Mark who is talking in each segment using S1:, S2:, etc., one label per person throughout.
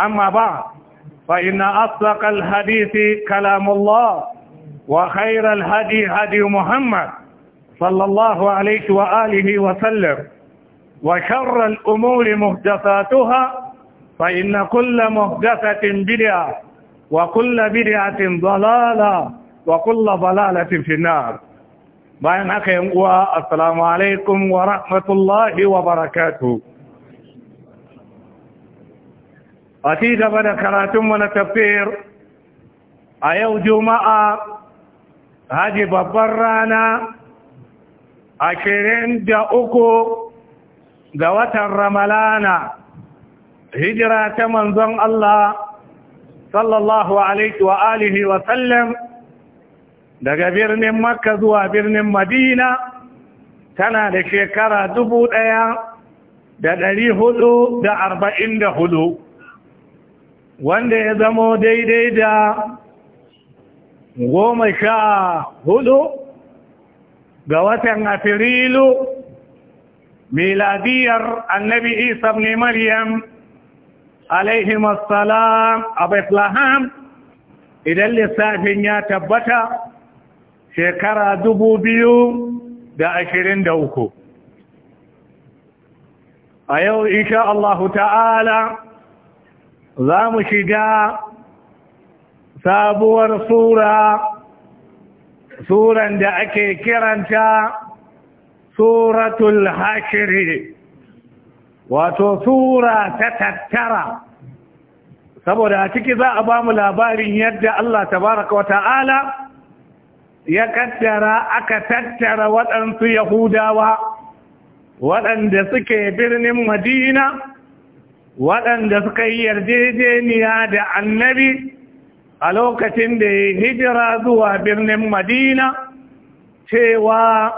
S1: أما بعد فإن أصدق الحديث كلام الله وخير الهدي هدي محمد صلى الله عليه وآله وسلم وشر الأمور مهدفاتها فإن كل مهدفة بدعة وكل بدعة ضلالة وكل ضلالة في النار بين أخي السلام عليكم ورحمة الله وبركاته a ci gaba da karatunmu na tafiyar a yau juma'a haji babban rana ashirin da uku ga watan ramalana hijira ta manzon Allah sallallahu alaihi wa alihi wa sallam daga birnin makka zuwa birnin madina tana da shekara dubu ɗaya da ɗari hudu da arba'in da hudu wanda ya zamo daidai da goma sha hudu ga watan afirilu miladiyar annabi isa ne maryam alaihimassalam a bethlehem idan lissafin ya tabbata shekara dubu biyu da ashirin da uku a yau inshaallahu Allahu ta'ala za mu shiga sabuwar sura suran da ake kiranta suratul hashiri wato sura ta tattara saboda a ciki za a ba mu labarin yadda Allah tabaraka wa ta'ala ya kaddara aka tattara waɗansu yahudawa waɗanda suke birnin madina waɗanda suka yi yarjejeniya da annabi a lokacin da ya hijira zuwa birnin madina cewa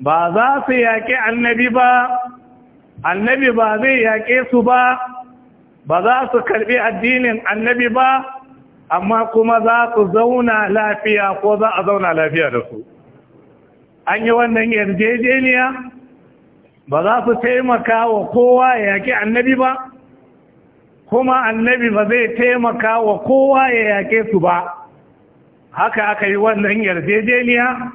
S1: ba za su yaƙi annabi ba annabi ba zai yaƙe su ba ba za su karɓi addinin annabi ba amma kuma za su zauna lafiya ko za a zauna lafiya da su an yi wannan yarjejeniya ba za su taimaka wa kowa ya yaƙi annabi ba kuma annabi ba zai taimaka wa kowa ya yaƙe su ba haka aka yi wannan yarjejeniya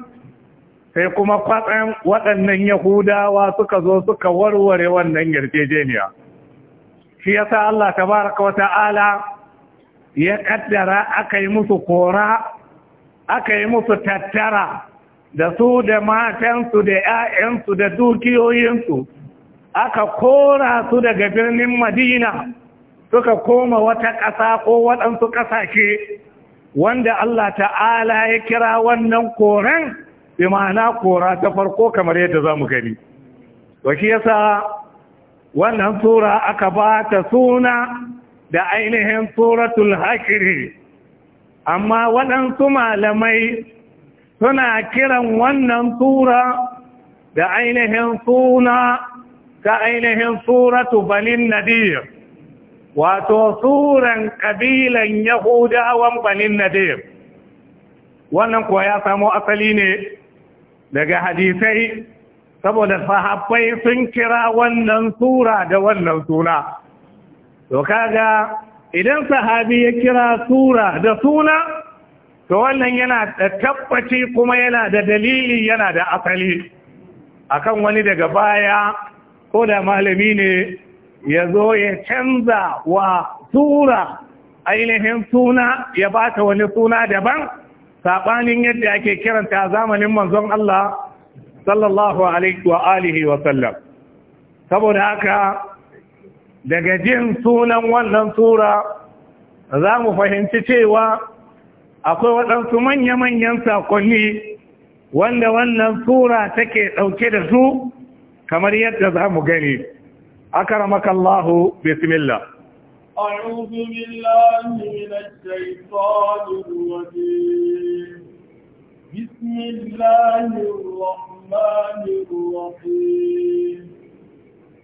S1: sai kuma kwatsan waɗannan yahudawa suka zo suka warware wannan yarjejeniya shi yasa Allah tabaraka wa ta'ala ya ƙaddara aka yi musu kora aka yi musu tattara da su da matansu da 'ya'yansu da dukiyoyinsu aka kora su daga birnin madina suka koma wata ƙasa ko waɗansu ƙasashe wanda Allah ta'ala ya kira wannan koren bi ma'ana kora ta farko kamar yadda za mu gani to yasa wannan sura aka ba ta suna da ainihin suratul hashiri amma waɗansu malamai suna kiran wannan tura da ainihin suna ta ainihin suratu banin nadir wato suran ƙabilan yahudawan banin nadir wannan kuwa ya samo asali ne daga hadisai saboda sahabbai sun kira wannan sura da wannan suna to kaga idan sahabi ya kira sura da suna to wannan yana da tabbaci kuma yana da dalili yana da asali akan wani daga baya ko da malami ne ya zo ya canza wa tura ainihin suna ya ba ta wani suna daban saɓanin yadda ake kiranta a zamanin manzon Allah sallallahu alaihi wa alihi wa sallam saboda haka daga jin sunan wannan tura, za mu fahimci cewa akwai waɗansu manya-manyan sakonni, wanda wannan tura take ɗauke da su kamar yadda za mu gani akaramaka Allahu bismillah
S2: أعوذ بالله من الشيطان الرجيم بسم الله الرحمن الرحيم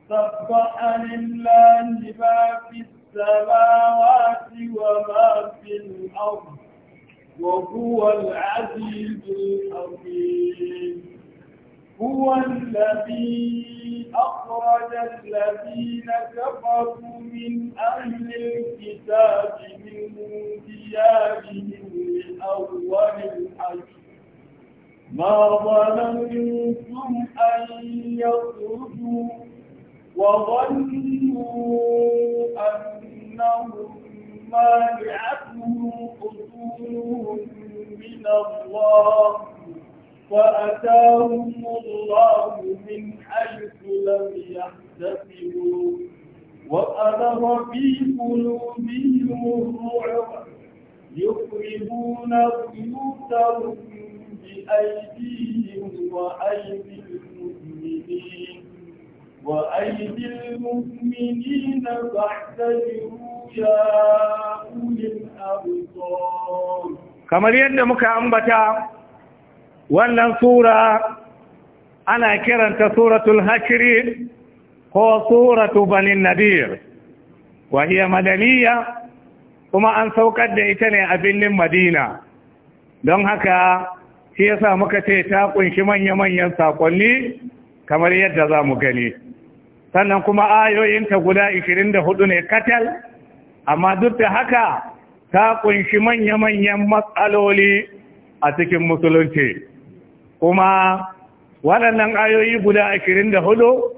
S2: سبح لله ما في السماوات وما في الأرض وهو العزيز الحكيم هو الذي أخرج الذين كفروا من أهل الكتاب من ديارهم لأول الحج ما ظننتم أن يخرجوا وظنوا أنهم مانعتهم من الله فأتاهم الله من حيث لم يحتسبوا وألغ في قلوبهم الرعب يخربون بيوتهم بأيديهم وأيدي المؤمنين وأيدي المؤمنين فاحتجروا
S1: Kamar yadda muka ambata wannan sura ana kiranta suratul hakiri ko suratu banin nadir wa hiya madaniya kuma an saukar da ita ne a birnin madina don haka shi yasa muka ce ta kunshi manya-manyan sakonni kamar yadda za mu gani sannan kuma ayoyinta guda 24 ne katal amma duk da haka ta kunshi manya-manyan matsaloli a cikin musulunci kuma waɗannan ayoyi guda ashirin da hudu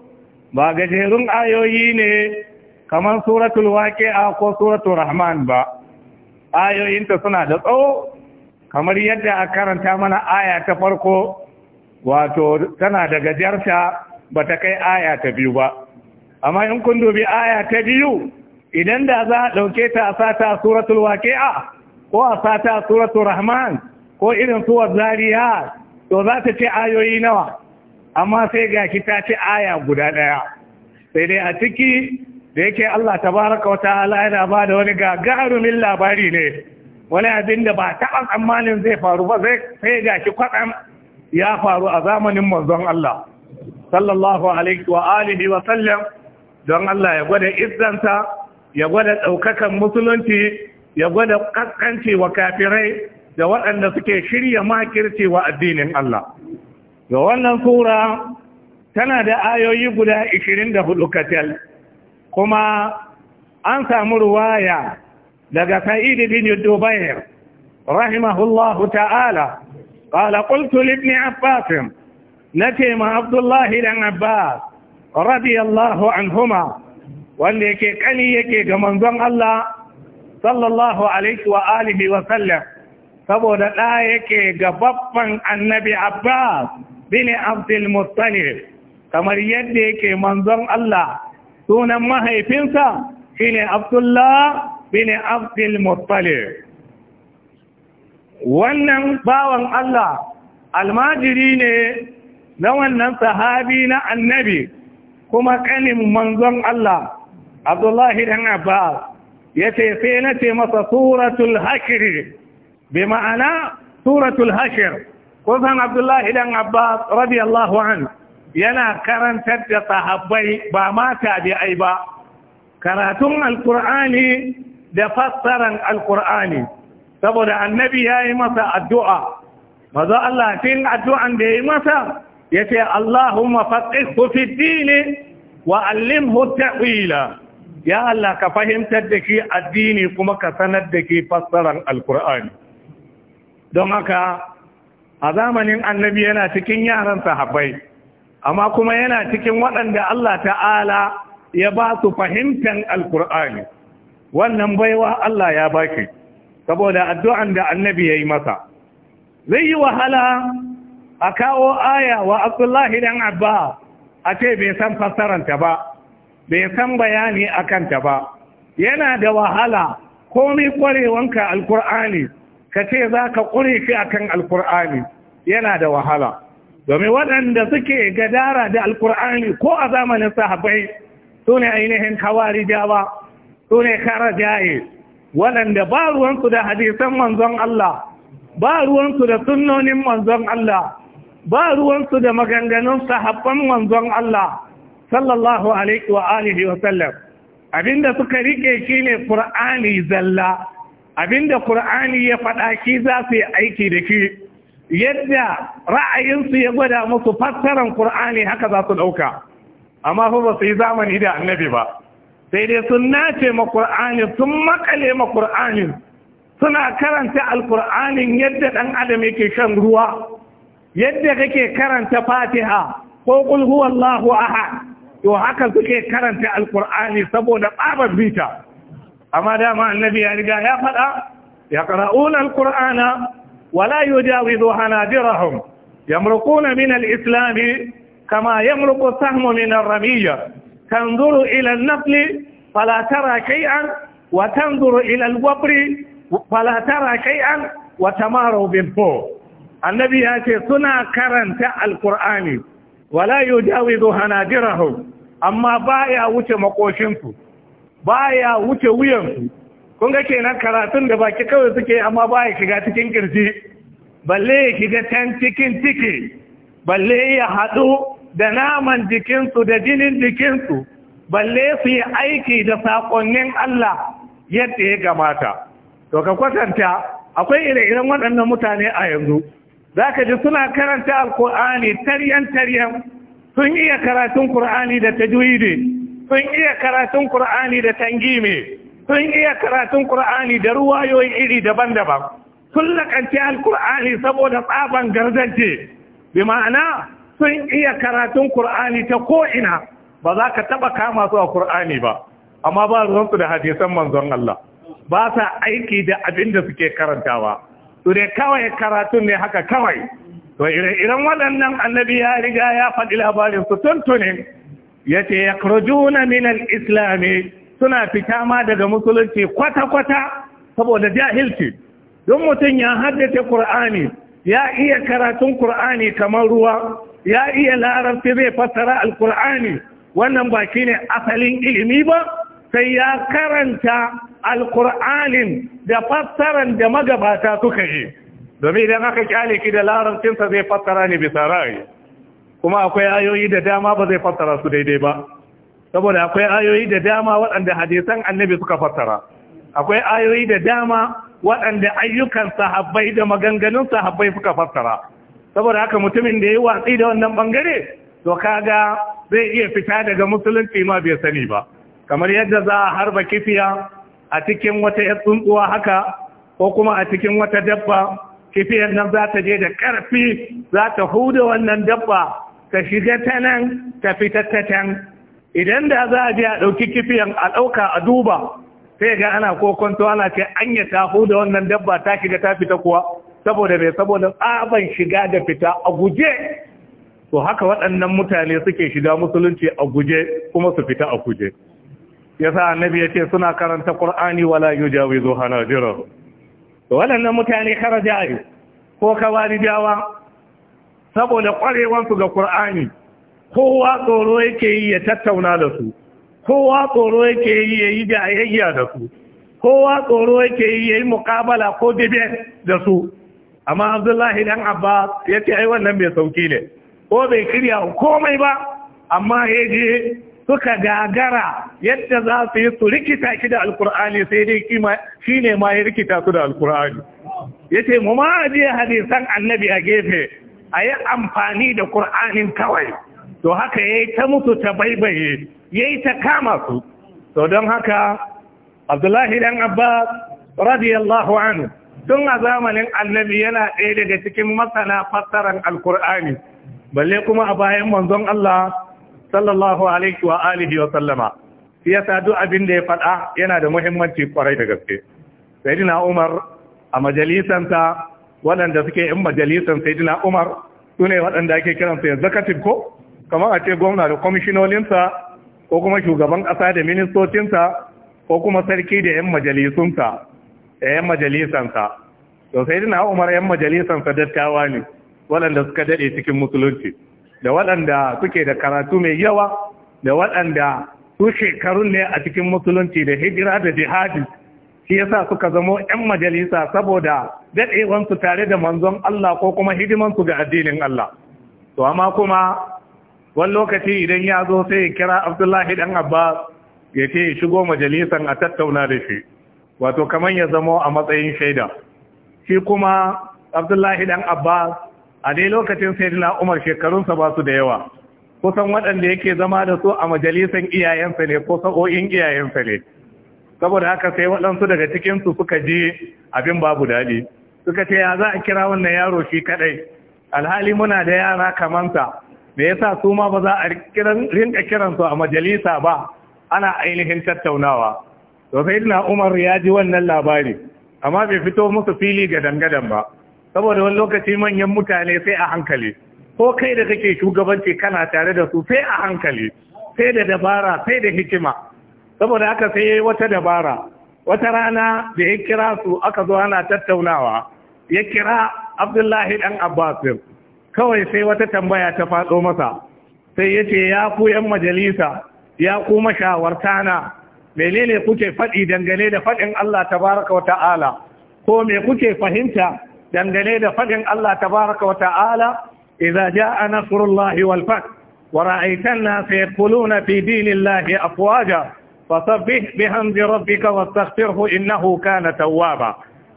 S1: ba gajerun ayoyi ne kamar suratul a ko suratul rahman ba ayoyinta suna da tsawo kamar yadda a karanta mana aya ta farko wato tana da gajarta ba ta kai aya ta biyu ba amma in kun dubi aya ta biyu idan da za a ɗauke ta a sata suratul waƙi'a ko a sata suratul rahman ko irin su zariya to za ta ce ayoyi nawa amma sai ga ki ta ce aya guda ɗaya sai dai a ciki da yake Allah ta baraka wata ala yana ba da wani gagarumin labari ne wani abin da ba taɓa tsammanin zai faru ba sai ga ki kwaɗan ya faru a zamanin manzon Allah sallallahu alaihi wa alihi wa sallam don Allah ya gwada izzanta ya gwada ɗaukakan musulunci ya gwada ƙasƙanci wa kafirai da waɗanda suke shirya makirci wa addinin Allah ga wannan sura tana da ayoyi guda 24 katal kuma an samu ruwaya daga sa'id bin dubayr rahimahullahu ta'ala qala qultu li ibn abbas nace ma abdullahi ibn abbas radiyallahu anhuma wanda yake kani yake ga manzon Allah sallallahu alaihi wa alihi wa sallam saboda da yake ga babban annabi Abbas bin Abdul Muttalib kamar yadda yake manzon Allah sunan mahaifinsa shine Abdullah bin Abdul Muttalib wannan bawan Allah almajiri ne na wannan sahabi na annabi kuma kanin manzon Allah abdullahi ɗan abbas ya ce sai na ce masa suratul hashir bi ma'ana suratul hashir kusan abdullahi ɗan abbas radiyallahu an yana karantar da sahabbai ba da tabi'ai ba karatun alkur'ani da fassaran alkur'ani saboda annabi ya yi masa addu'a mazo Allah cikin addu'an da ya yi masa ya ce Allahumma faqihu fi dini wa allimhu ta'wila ya Allah ka fahimtar da shi addini kuma ka sanar da ke fassarar alkur'ani don haka a zamanin annabi yana cikin yaran sahabbai amma kuma yana cikin waɗanda Allah ta'ala ya ba su fahimtar alkur'ani wannan baiwa Allah ya baki saboda addu'an da annabi ya yi masa zai yi wahala a kawo aya wa abdullahi dan abba a ce bai san fassaranta ba bai san bayani a kanta ba yana da wahala komai kwarewanka alkur'ani ka ce za ka ƙure shi a kan alkur'ani yana da wahala domin waɗanda suke gadara da alkur'ani ko a zamanin sahabai su ne ainihin hawari jawa su ne kara jaye waɗanda ba ruwansu da hadisan manzon Allah ba ruwansu da sunnonin manzon Allah ba ruwansu da maganganun sahabban manzon Allah sallallahu alaihi wa alihi wa sallam abinda suka rike shine qur'ani zalla abinda qur'ani ya faɗa shi za su yi aiki da shi yadda ra'ayinsu ya gwada musu fassaran qur'ani haka za su dauka amma fa ba su yi zamani da annabi ba sai dai sun nace ma qur'ani sun makale ma qur'ani suna karanta alqur'anin yadda dan adam yake shan ruwa yadda kake karanta fatiha ko qul huwallahu ahad to haka suke karanta alqur'ani saboda babar bita amma dama annabi ya riga ya fada ya qara'una alkur'ana wala yujawizu hanadirahum yamruquna min alislam kama yamruqu sahmu min arramiya tanzuru ila an-nafl fala tara shay'an wa tanzuru ila al-wabri fala tara shay'an wa tamaru bil fu annabi ya ce suna karanta alqur'ani wala hana hanadirahum amma baya wuce makoshinsu baya wuce wuyansu kun ga kenan karatun da baki kawai suke amma baya shiga cikin kirji balle ya shiga can cikin ciki balle ya haɗu da naman jikinsu da jinin jikinsu balle su yi aiki da saƙonnin Allah yadda ya gamata to ka kwatanta akwai ire-iren waɗannan mutane a yanzu za ka ji suna karanta alkur'ani taryan-taryan sun iya karatun kur'ani da tajwidi sun iya karatun kur'ani da tangime sun iya karatun kur'ani da ruwayoyi iri daban-daban sun lakanci alkur'ani saboda tsaban garzance bi ma'ana sun iya karatun kur'ani ta ko'ina ba za ka taba kama su a kur'ani ba amma ba su da hadisan manzon Allah ba sa aiki da abin da suke karantawa su dai kawai karatun ne haka kawai to irin waɗannan annabi ya riga ya faɗi labarin su tuntunin ya ce ya krojuna minan islami suna fita ma daga musulunci kwata-kwata saboda jahilci don mutum ya haddace Kur'ani, ya iya karatun Kur'ani kamar ruwa ya iya larabci zai fassara alkur'ani wannan ba ne asalin ilimi ba sai ya karanta alkur'anin da fassaran da magabata suka yi domin idan aka kyale ki da larabcinsa zai fassara ne bisa ra'ayi kuma akwai ayoyi da dama ba zai fassara su daidai ba saboda akwai ayoyi da dama waɗanda hadisan annabi suka fassara akwai ayoyi da dama waɗanda ayyukan sahabbai da maganganun sahabbai suka fassara saboda haka mutumin da ya watsi da wannan bangare to kaga zai iya fita daga musulunci ma bai sani ba kamar yadda za a harba kifiya a cikin wata ‘yar tsuntsuwa haka ko kuma a cikin wata dabba kifiyar nan za ta je da ƙarfi za ta huda wannan dabba ta shiga ta nan ta fita ta can idan da za a je a ɗauki kifiyan a ɗauka a duba sai ga ana kokonto ana ce anya ta huda wannan dabba ta shiga ta fita kuwa saboda mai saboda tsaban shiga da fita a guje to haka waɗannan mutane suke shiga musulunci a guje kuma su fita a guje Ya sa annabi ya ce suna karanta Kur'ani wala hana hanajirahu waɗannan mutane jari ko jawa saboda ƙwarewansu ga ƙur'ani kowa tsoro yake yi ya tattauna da su kowa tsoro yake yi ya yi jayayya da su kowa tsoro yake yi ya yi muƙabala ko dibe da su amma abdullahi dan abba ya ce ai wannan mai sauki ne ko bai kirya komai ba amma ya je suka gagara yadda za su yi su rikita shi da alkur'ani sai dai shi ne ma ya rikita su da alkur'ani ya ce mu ma ajiye hadisan annabi a gefe a yi amfani da kur'anin kawai to haka ya yi ta musu ta baibaye ya yi ta kama su to don haka abdullahi dan Abba radiyallahu anhu tun a zamanin annabi yana ɗaya daga cikin masana fassarar alkur'ani balle kuma a bayan manzon allah sallallahu alaihi wa alihi wa sallama shi yasa duk abin da ya faɗa yana da muhimmanci kwarai da gaske sayyidina Umar a majalisansa waɗanda suke in majalisan sayyidina Umar sune waɗanda ake kiransu executive ko kamar a ce gwamna da kwamishinolinsa ko kuma shugaban ƙasa da ministocinsa ko kuma sarki da 'yan majalisunsa da 'yan majalisansa to Sayyidina umar 'yan majalisansa dattawa ne waɗanda suka dade cikin musulunci da waɗanda suke da karatu mai yawa da waɗanda su shekarun ne a cikin musulunci da hijira da jihadi shi yasa suka zamo 'yan majalisa saboda daɗewansu tare da manzon Allah ko kuma hidimansu ga addinin Allah to amma kuma wani lokaci idan ya zo sai ya kira abdullahi dan abbas ya ce ya shigo majalisan a tattauna da shi wato kamar ya zamo a matsayin shaida shi kuma abdullahi dan abbas a dai lokacin sai dina Umar shekarunsa ba su da yawa kusan waɗanda yake zama da su a majalisan iyayensa ne ko sa'o'in iyayensa ne saboda haka sai waɗansu daga cikinsu suka je abin babu daɗi suka ce ya za a kira wannan yaro shi kaɗai alhali muna da yara kamansa da ya sa su ma ba za a rinka kiransu a majalisa ba ana ainihin tattaunawa to sai umar ya ji wannan labari amma bai fito musu fili ga dangadan ba saboda wani lokaci manyan mutane sai a hankali ko kai da kake shugabanci kana tare da su sai a hankali sai da dabara sai da hikima saboda aka sai yayi wata dabara wata rana da ya kira su aka zo ana tattaunawa ya kira Abdullahi dan Abbasir. kawai sai wata tambaya ta faɗo masa sai ya ce ya ku yan majalisa ya ku mashawartana menene kuke faɗi dangane da faɗin Allah tabaraka wa ta'ala ko me kuke fahimta dangane da fadin Allah tabaraka wa ta'ala idza jaa nasrullahi wal fath wa ra'aita an-nasa yadkhuluna fi dinillahi afwaja fasabbih bihamdi rabbika wastaghfirhu innahu kana tawwaba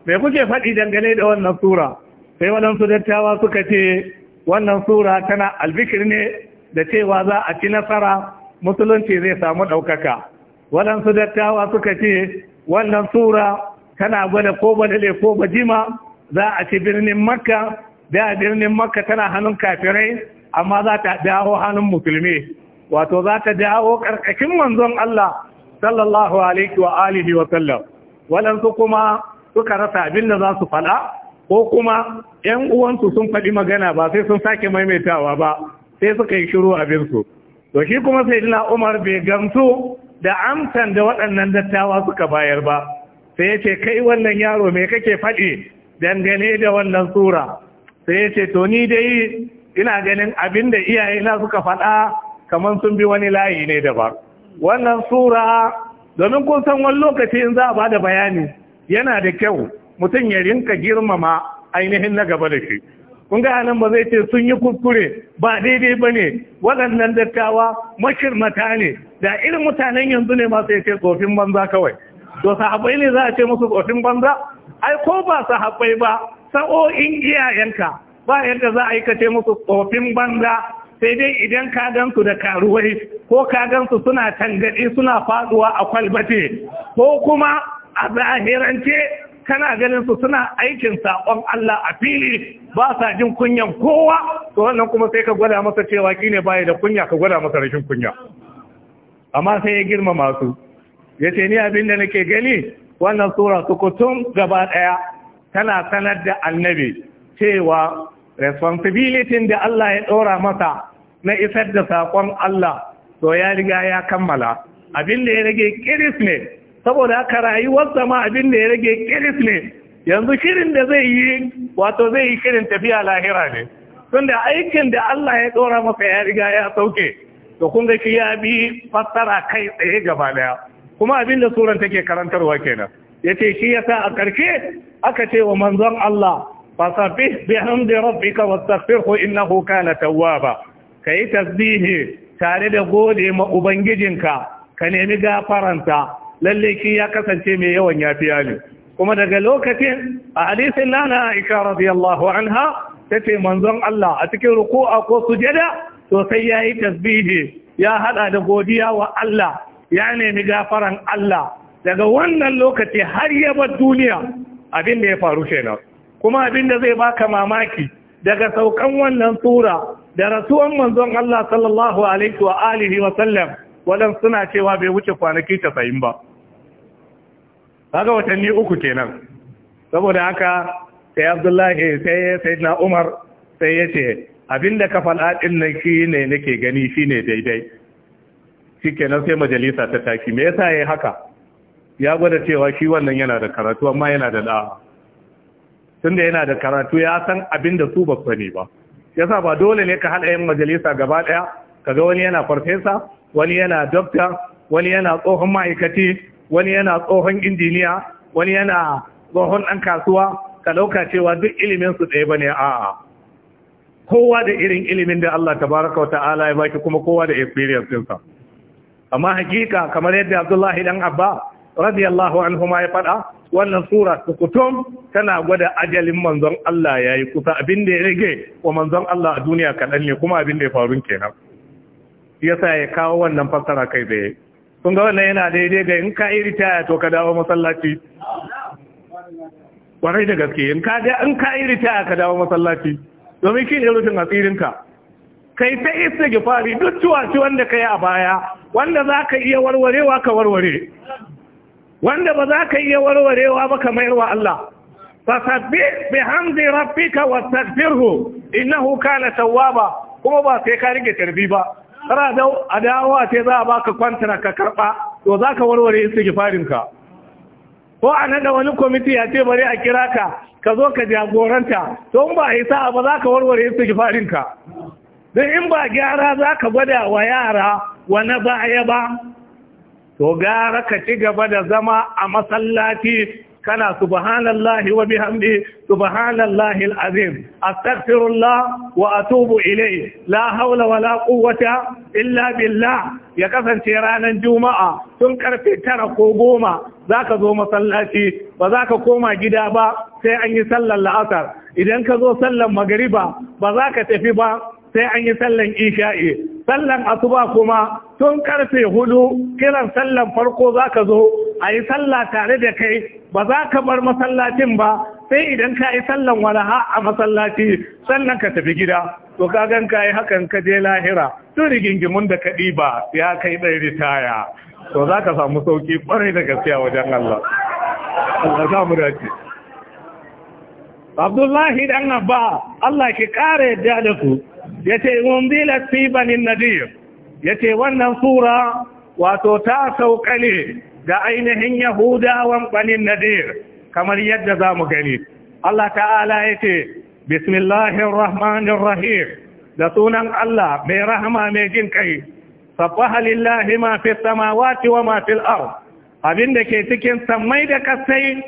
S1: me kuke fadi dangane da wannan sura sai wadansu dattawa suka ce wannan sura tana albikir ne da cewa za a ci nasara musulunci zai samu ɗaukaka Wadansu dattawa suka ce wannan sura tana gwada ko badale ko bajima za a ci birnin makka da birnin makka tana hannun kafirai amma za ta dawo hannun musulmi wato za ta dawo karkashin manzon Allah sallallahu alaihi wa alihi wa sallam waɗansu kuma suka rasa abin da za su faɗa ko kuma ‘yan uwansu sun faɗi magana ba sai sun sake maimaitawa ba sai suka yi shiru abinsu to shi kuma sai dina umar bai gamsu da amsan da waɗannan dattawa suka bayar ba sai ya ce kai wannan yaro me kake faɗi dangane da wannan sura sai ya ce to ni dai ina ganin abin da iyayena suka faɗa kamar sun bi wani layi ne daban wannan sura domin kun san wani lokaci in za a ba da bayani yana da kyau mutum ya rinka girmama ainihin na gaba da shi kun ga nan ba zai ce sun yi kuskure ba daidai ba ne waɗannan dattawa mashirmata ne da irin mutanen yanzu ne masu yake ce tsofin banza kawai to sahabai ne za a ce musu tsofin banza ai ko ba sahabbai ba sa'o'in iyayenka ba yadda za a yi kace musu tsofin banza sai dai idan ka gansu da karuwai ko ka gansu suna tangaɗi suna faduwa a kwalbate ko kuma a zahirance kana ganin su suna aikin saƙon Allah a fili ba sa jin kunyan kowa to wannan kuma sai ka gwada masa cewa kine baya da kunya ka gwada masa rashin kunya amma sai ya girma masu, ya ce ni abin da nake gani wannan sura sukutun gaba ɗaya tana sanar da annabi cewa responsibilitin da Allah ya ɗora masa na isar da saƙon Allah to ya riga ya kammala abin da ya rage kiris ne saboda haka wasu zama abin da ya rage kiris ne yanzu shirin da zai yi wato zai yi shirin tafiya lahira ne tunda aikin da Allah ya ɗora masa ya riga ya sauke to kun ga shi ya bi fassara kai tsaye gaba ɗaya. kuma abin da suran take karantarwa kenan yace shi yasa a karshe aka ce wa manzon Allah fasabih bihamdi rabbika wastaghfirhu innahu kana tawwaba kai tasbihi tare da gode ma ubangijinka ka nemi gafaranta lalle shi ya kasance mai yawan yafiya ne kuma daga lokacin a hadisin lana aisha radiyallahu anha tace manzon Allah a cikin ruku'a ko sujada to sai yayi tasbihi ya hada da godiya wa Allah ya nemi gafaran Allah daga wannan lokaci har ya duniya abin da ya faru kenan kuma abin da zai baka mamaki daga saukan wannan sura da rasuwan manzon Allah sallallahu alaihi wa alihi wa sallam wadan suna cewa bai wuce kwanaki 90 ba kaga watanni uku kenan saboda haka sai Abdullahi sai sayyidina Umar sai yace abinda da faɗa nan shine nake gani shine daidai kenan sai majalisa ta taki. me yasa yayi haka ya gwada cewa shi wannan yana da karatu amma yana da da'a tunda yana da karatu ya san abin da su ba sani ba yasa ba dole ne ka haɗa yan majalisa gaba daya kaga wani yana farfesa wani yana dokta wani yana tsohon ma'aikaci wani yana tsohon injiniya wani yana tsohon ɗan kasuwa ka ɗauka cewa duk ilimin su ɗaya bane a'a kowa da irin ilimin da Allah tabaraka wa ta'ala ya baki kuma kowa da experience ɗinsa amma hakika kamar yadda abdullahi dan abba radiyallahu anhu ma ya faɗa wannan sura kutum tana gwada ajalin manzon Allah ya yi kusa abin da ya rage wa manzon Allah a duniya kaɗan ne kuma abin da ya faru kenan yasa ya kawo wannan fassara kai tsaye kun ga wannan yana daidai ga in ka yi ritaya to ka dawo masallaci kwarai da gaske in ka ga in ka yi ritaya ka dawo masallaci domin kin yi rufin asirinka kai ta gifari duk tuwaci wanda kai a baya wanda za ka iya warwarewa ka warware wanda ba za ka iya warwarewa ba ka mayarwa Allah bi hamdi rabbika wastaghfirhu innahu kana tawwaba kuma ba sai ka rike tarbi ba kana da adawa ce za a baka kwantara ka karba to za ka warware istighfarin ka ko a nada wani kwamiti ya ce bari a kira ka ka zo ka jagoranta to in ba a yi sa'a ba za ka warware istighfarin ka don in ba gyara za ka gwada wa yara wani baya ba to gara ka ci gaba da zama a masallaci kana subhanallahi wa bihamdi subhanallahi alazim astaghfirullah wa atubu ilayhi la hawla wa la quwwata illa billah ya kasance ranar juma'a tun karfe tara ko goma zaka zo masallaci ba zaka koma gida ba sai an yi sallar la'asar idan ka zo sallar magariba ba za ka tafi ba sai an yi sallar isha'i sallan asuba kuma tun karfe hudu kiran sallan farko za ka zo a yi sallah tare da kai ba za ka bar masallacin ba sai idan ka yi sallan ha a masallaci sannan ka tafi gida to ka gan ka yi hakan ka je lahira tun rigingimun da kaɗi ɗiba ya kai ɗai ritaya to za ka samu sauki ƙwarai da gaskiya wajen Allah Abdullahi dan Abba Allah ki ƙara yadda da ku ya ce unzilat fi banin nadir ya ce wannan sura wato ta sauka ne Da ainihin yahudawan banin nadir kamar yadda za mu gani Allah ta'ala ya ce bismillahirrahmanirrahim da sunan Allah mai rahama mai jin kai sabbaha lillahi ma samawati wa ma fil abinda ke cikin sammai da kasai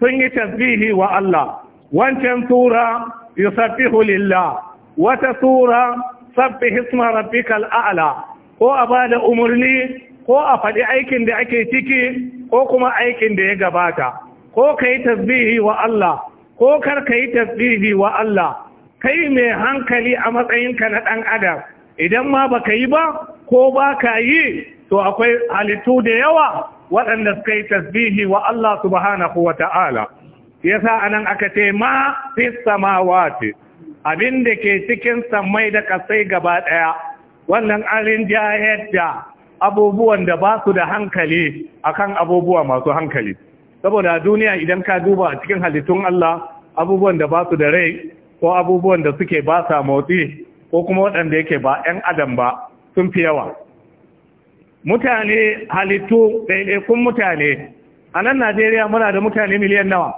S1: sun yi tasbihi wa Allah wancan sura yusabbihu lillah wata sura sabbi hisma rabbikal a'la ko a ba da umarni ko a faɗi aikin da ake ciki ko kuma aikin da ya gabata ko ka yi tasbihi wa Allah ko kar ka yi tasbihi wa Allah kai mai hankali a matsayinka na ɗan adam idan ma baka yi ba ko ba ka yi to akwai halittu da yawa waɗanda suka yi tasbihi wa Allah subhanahu wa ta'ala yasa anan aka ce ma fi samawati abin da ke cikin samai da kasai gaba ɗaya wannan an rinjayar da abubuwan da ba su da hankali akan abubuwa masu hankali saboda duniya idan ka duba a cikin halittun Allah abubuwan da ba su da rai ko abubuwan da suke ba sa motsi ko kuma waɗanda yake ba 'yan adam ba sun fi yawa mutane halittu ɗaiɗaikun mutane a nan najeriya muna da mutane miliyan nawa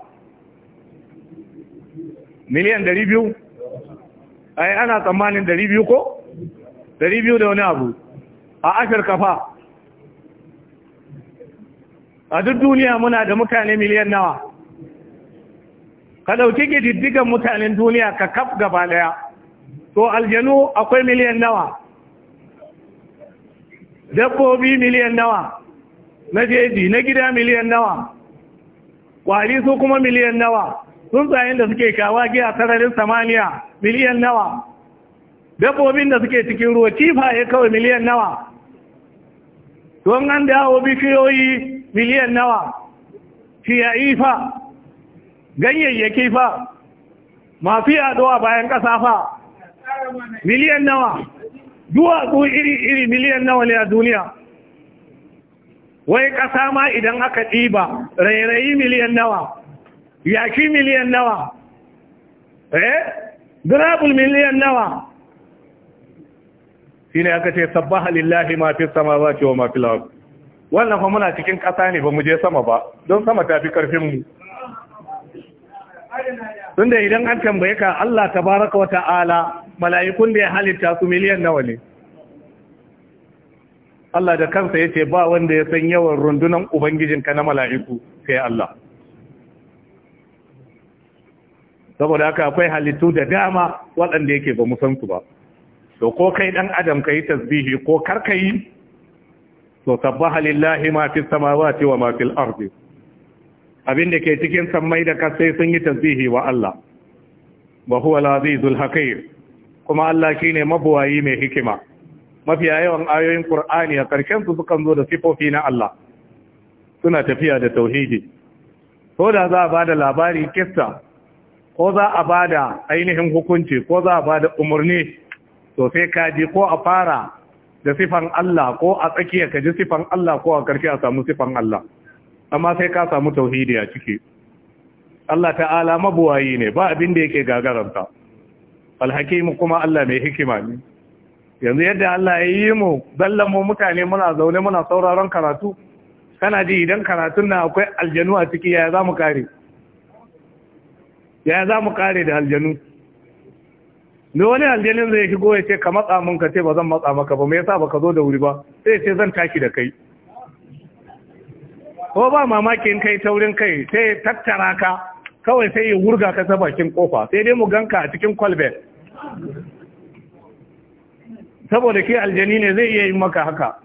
S1: miliyan dari biyu ai ana tsammanin dari biyu ko dari biyu da wani abu a afirka fa a duk duniya muna da mutane miliyan nawa ka ɗauki gididdigan mutanen duniya ka kaf gaba daya to aljanu akwai miliyan nawa dabbobi miliyan nawa na jeji na gida miliyan nawa ƙwari su kuma miliyan nawa tsuntsayen da suke kawa giya sararin samaniya miliyan nawa dabbobin da suke cikin ruwa ya kawai miliyan nawa don an dawo bishiyoyi miliyan nawa ciyayi fa ganyayyaki fa masu yaduwa bayan ƙasa fa miliyan nawa duwatsu iri-iri miliyan nawa ne a duniya wai ƙasa ma idan aka ɗiba rairayi miliyan nawa yaki miliyan nawa eh durabul miliyan nawa shine aka ce sabbaha lillahi ma fi samawati wa ma fil wannan fa muna cikin kasa ne ba mu je sama ba don sama tafi karfin mu tunda idan an tambaye ka Allah tabaraka wata ala, mala'ikun da ya halitta su miliyan nawa ne Allah da kansa ya ce ba wanda ya san yawan rundunan ubangijinka na mala'iku sai Allah saboda haka akwai halittu da dama waɗanda yake ba mu san su ba to ko kai ɗan adam yi tasbihi ko kar kai to sabbaha lillahi ma samawati wa ma fil abinda ke cikin sammai da kasai sun yi tasbihi wa Allah wa huwa al-azizul kuma Allah ne mabuwayi mai hikima mafiya yawan ayoyin ƙur'ani a karshen su sukan zo da sifofi na Allah suna tafiya da tauhidi ko da za a ba da labari kista. ko za a ba da ainihin hukunci ko za a ba da umarni to sai ka ji ko a fara da sifan Allah ko a tsakiya ka ji sifan Allah ko a ƙarshe a samu sifan Allah amma sai ka samu tauhidi a ciki Allah ta'ala mabuwayi ne ba abin da yake gagaranta alhakim kuma Allah mai hikima ne yanzu yadda Allah ya yi mu zallan mu mutane muna zaune muna sauraron karatu kana ji idan karatun na akwai aljanu a ciki yaya za mu kare ya za mu kare da aljanu da wani aljanin zai shigo ya ce ka matsa mun ka ce ba zan matsa maka ba me yasa ka zo da wuri ba sai ce zan tashi da kai ko ba mamaki in kai taurin kai sai tattara ka kawai sai ya wurga ka ta bakin kofa sai dai mu ganka a cikin kwalbet saboda ke aljani ne zai iya yi maka haka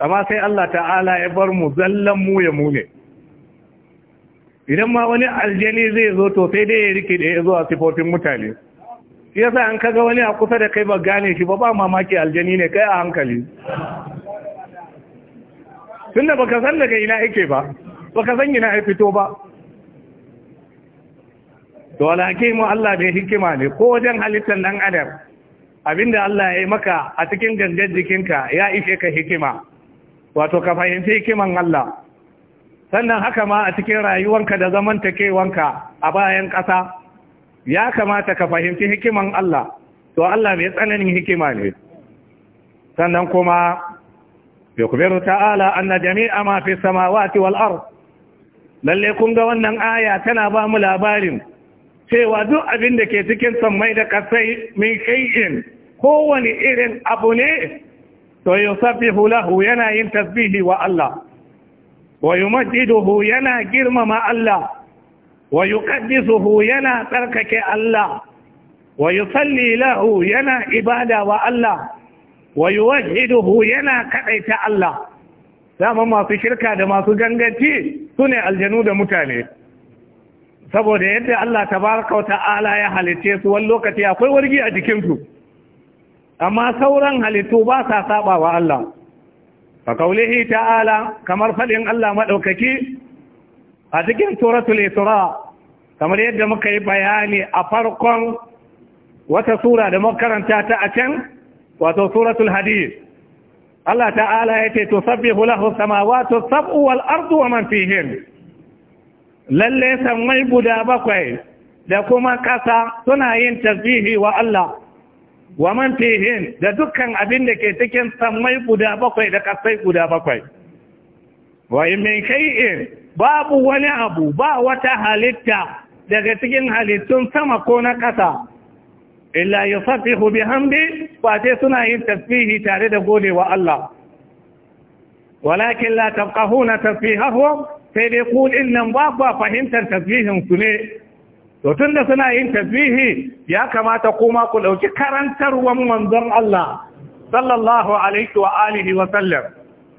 S1: amma sai Allah ta'ala ya bar mu zallan mu ya mune. idan ma wani aljani zai zo to sai dai ya rike da ya zuwa sifofin mutane shi yasa an kaga wani a kusa da kai ba gane shi ba ba mamaki aljani ne kai a hankali tunda baka san daga ina yake ba baka san ina ya fito ba to mu Allah da hikima ne ko wajen halittar dan adam abinda Allah ya yi maka a cikin gangan jikinka ya ishe ka hikima wato ka fahimci hikiman Allah sannan haka ma a cikin rayuwanka da zamantakewanka a bayan ƙasa ya kamata ka fahimci hikiman Allah to Allah mai tsananin hikima ne sannan kuma yukbiru ta'ala anna jami'a ma fi samawati wal ard lalle kun ga wannan aya tana ba mu labarin cewa duk abin da ke cikin sammai da kasai min shay'in kowane irin abu ne to yusabbihu lahu yana yin tasbihi wa Allah wa yumajjiduhu yana girmama Allah wa yuqaddisuhu yana tsarkake Allah wa yusalli yana ibada wa Allah wa yuwahhiduhu yana ta Allah dama masu shirka da masu ganganci sune aljanu da mutane saboda yadda Allah tabaraka wa ta'ala ya halitte su wani lokaci akwai wargi a jikinsu amma sauran halittu ba sa saba wa Allah fa kaulihi ta'ala kamar fadin Allah maɗaukaki a cikin suratul isra kamar yadda muka yi bayani a farkon wata sura da makaranta ta a can wato suratul hadid Allah ta'ala ya ce tusabbihu lahu samawati sab'u wal ardu wa man fihin lalle samai guda bakwai da kuma ƙasa suna yin tasbihi wa Allah wa man fihin da dukkan abin da ke cikin sammai guda bakwai da kasai guda bakwai wa min shay'in babu wani abu ba wata halitta daga cikin halittun sama ko na ƙasa illa yusabbihu bihamdi ba sai suna yin tasbihi tare da gode, wa Allah walakin la tafqahuna tasbihahum sai dai ku din nan ba fahimtar tasbihin su ne to da suna yin tasbihi ya kamata kuma ku ɗauki karantarwan manzon Allah sallallahu alaihi wa alihi wa sallam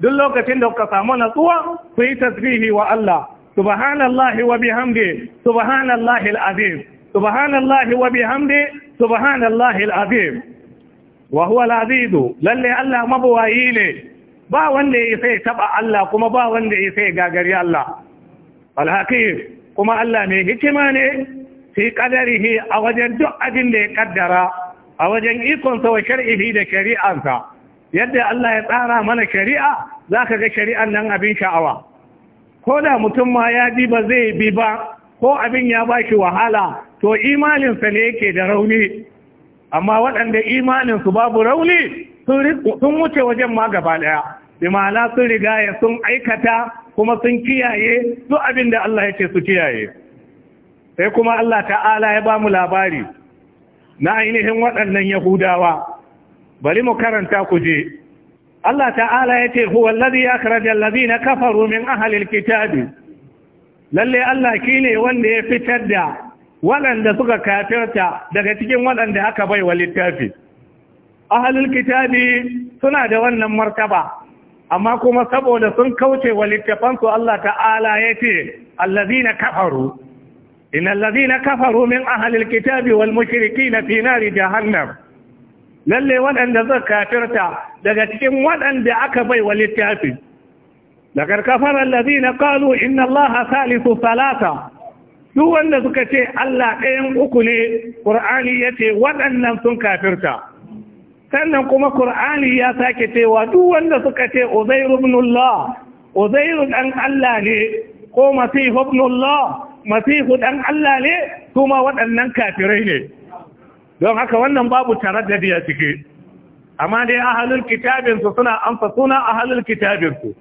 S1: duk lokacin da kuka samu natsuwa ku yi tasbihi wa Allah subhanallahi wa bihamdi subhanallahi alazim subhanallahi wa bihamdi subhanallahi alazim wa huwa alaziz lalle Allah mabawayi ne ba wanda ya sai taba Allah kuma ba wanda ya sai gagari Allah alhakim kuma Allah ne hikima ne fi qadarihi a wajen duk abin da ya kaddara a wajen ikonsa wa shar'i da shari'ansa yadda Allah ya tsara mana shari'a zaka ga shari'an nan abin sha'awa ko da mutum ma ya ji ba zai bi ba ko abin ya ba shi wahala to imaninsa ne yake da rauni amma waɗanda imaninsu babu rauni sun wuce wajen ma gaba ɗaya ma'ana sun rigaya sun aikata kuma sun kiyaye duk abin da Allah ya ce su kiyaye sai kuma Allah ta'ala ya ba mu labari na ainihin waɗannan yahudawa bari mu karanta ku je Allah ta'ala ya ce huwa alladhi akhrajal ladina kafaru min ahli alkitabi lalle Allah kine wanda ya fitar da waɗanda suka kafirta daga cikin waɗanda aka bai wa littafi ahlul kitabi suna da wannan martaba amma kuma saboda sun kauce wa littafansu Allah ta'ala ya ce allazina kafaru إن الذين كفروا من أهل الكتاب والمشركين في نار جهنم للي وأن ذا كافرتا لكن وأن دعك بي وللتافي لقد كفر الذين قالوا إن الله ثالث ثلاثة duk wanda suka ce Allah ɗayan uku ne ƙur'ani ya ce waɗannan sun kafirta sannan kuma ƙur'ani ya sake cewa duk wanda suka ce uzairu Allah, uzairu ɗan Allah ne ko masihu Allah? masihu ɗan Allah ne kuma waɗannan kafirai ne don haka wannan babu taraddadi a ciki amma dai a halin kitabinsu suna amsa suna a halin kitabinsu.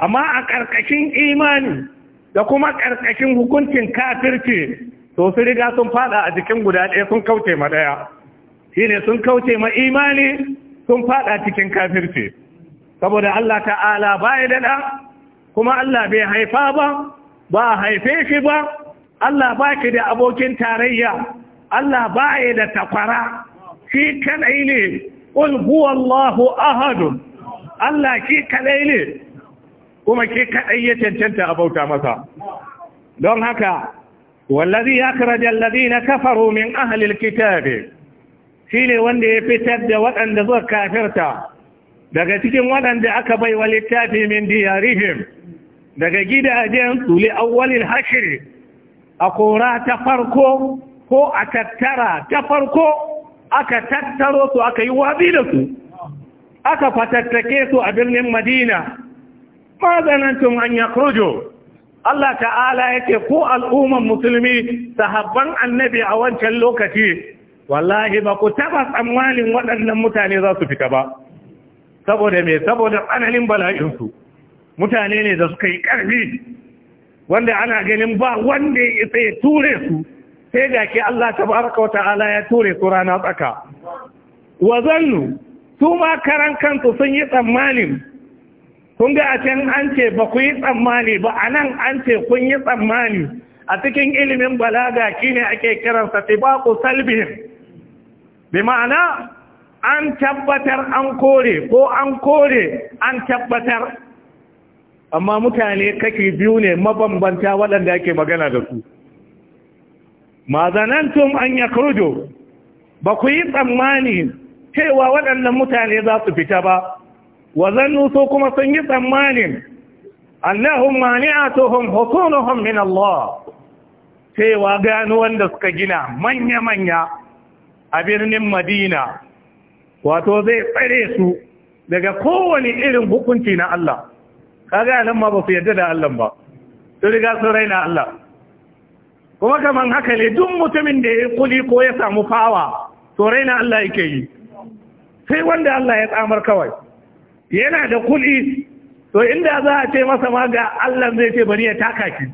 S1: amma a karkashin imani da kuma karkashin hukuncin kafirci to su riga sun fada a jikin guda ɗaya sun kauce ma ɗaya shine sun kauce ma imani sun fada cikin kafirci saboda Allah ta'ala baya da kuma Allah bai haifa ba ba a haife shi ba Allah ba ki da abokin tarayya Allah ba da takwara shi kadai ne qul Allahu, ahad Allah ki kadai ne kuma ki kadai ya cancanta abauta masa don haka wallazi na alladhina kafaru min ahli Shi shine wanda ya fitar da waɗanda suka kafirta daga cikin waɗanda aka baiwa littafi min diyarihim daga gidajen tuli awwalin hashir a kora ta farko ko a tattara ta farko aka tattaro su aka yi wabi da su aka fatattake su a birnin madina mazanantun an ya krujo Allah ta'ala yake ko al'umman musulmi sahabban annabi a wancan lokaci wallahi ba ku taba tsammanin waɗannan mutane za su fita ba saboda me saboda tsananin bala'insu mutane ne da suka yi ƙarfi wanda ana ganin ba wanda ya tsaye ture su sai da ke Allah ta baraka wa ta'ala ya ture su rana tsaka wa zannu su ma karan kansu sun yi tsammanin kun ga a can an ce ba ku yi tsammani ba a nan an ce kun yi tsammani a cikin ilimin balaga ne ake kiransa tibaqu salbihin bi ma'ana an tabbatar an kore ko an kore an tabbatar amma mutane kake biyu ne mabambanta waɗanda ake magana da su ma zanantum an ya kurjo ba ku yi tsammani cewa waɗannan mutane za su fita ba wa so kuma sun yi tsammanin annahum mani'atuhum hukunuhum min Allah cewa gano wanda suka gina manya-manya a birnin Madina wato zai tsare su daga kowane irin hukunci na Allah kaga nan ma ba su yarda da Allah ba su riga sun raina Allah kuma kaman haka ne duk mutumin da ya kuli ko ya samu fawa to raina Allah yake yi sai wanda Allah ya tsamar kawai yana da kuli to inda za a ce masa ma ga Allah zai ce bari ya taka ki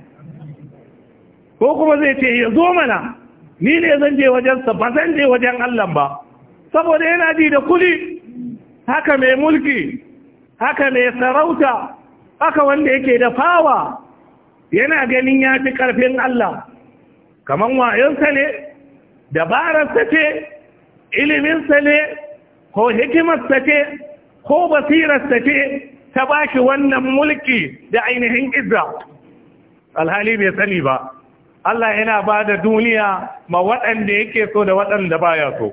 S1: ko kuma zai ce ya zo mana ni ne zan je wajen sa ba zan je wajen Allah ba saboda yana ji da kuli haka mai mulki haka mai sarauta haka wanda yake da fawa yana ganin ya fi ƙarfin Allah kamar wayonsa ne dabararsa ce iliminsa ne ko hikimarsa ce ko basirarsa ce ta ba shi wannan mulki da ainihin izza alhali bai sani ba Allah yana ba da duniya ma waɗanda yake so da waɗanda baya so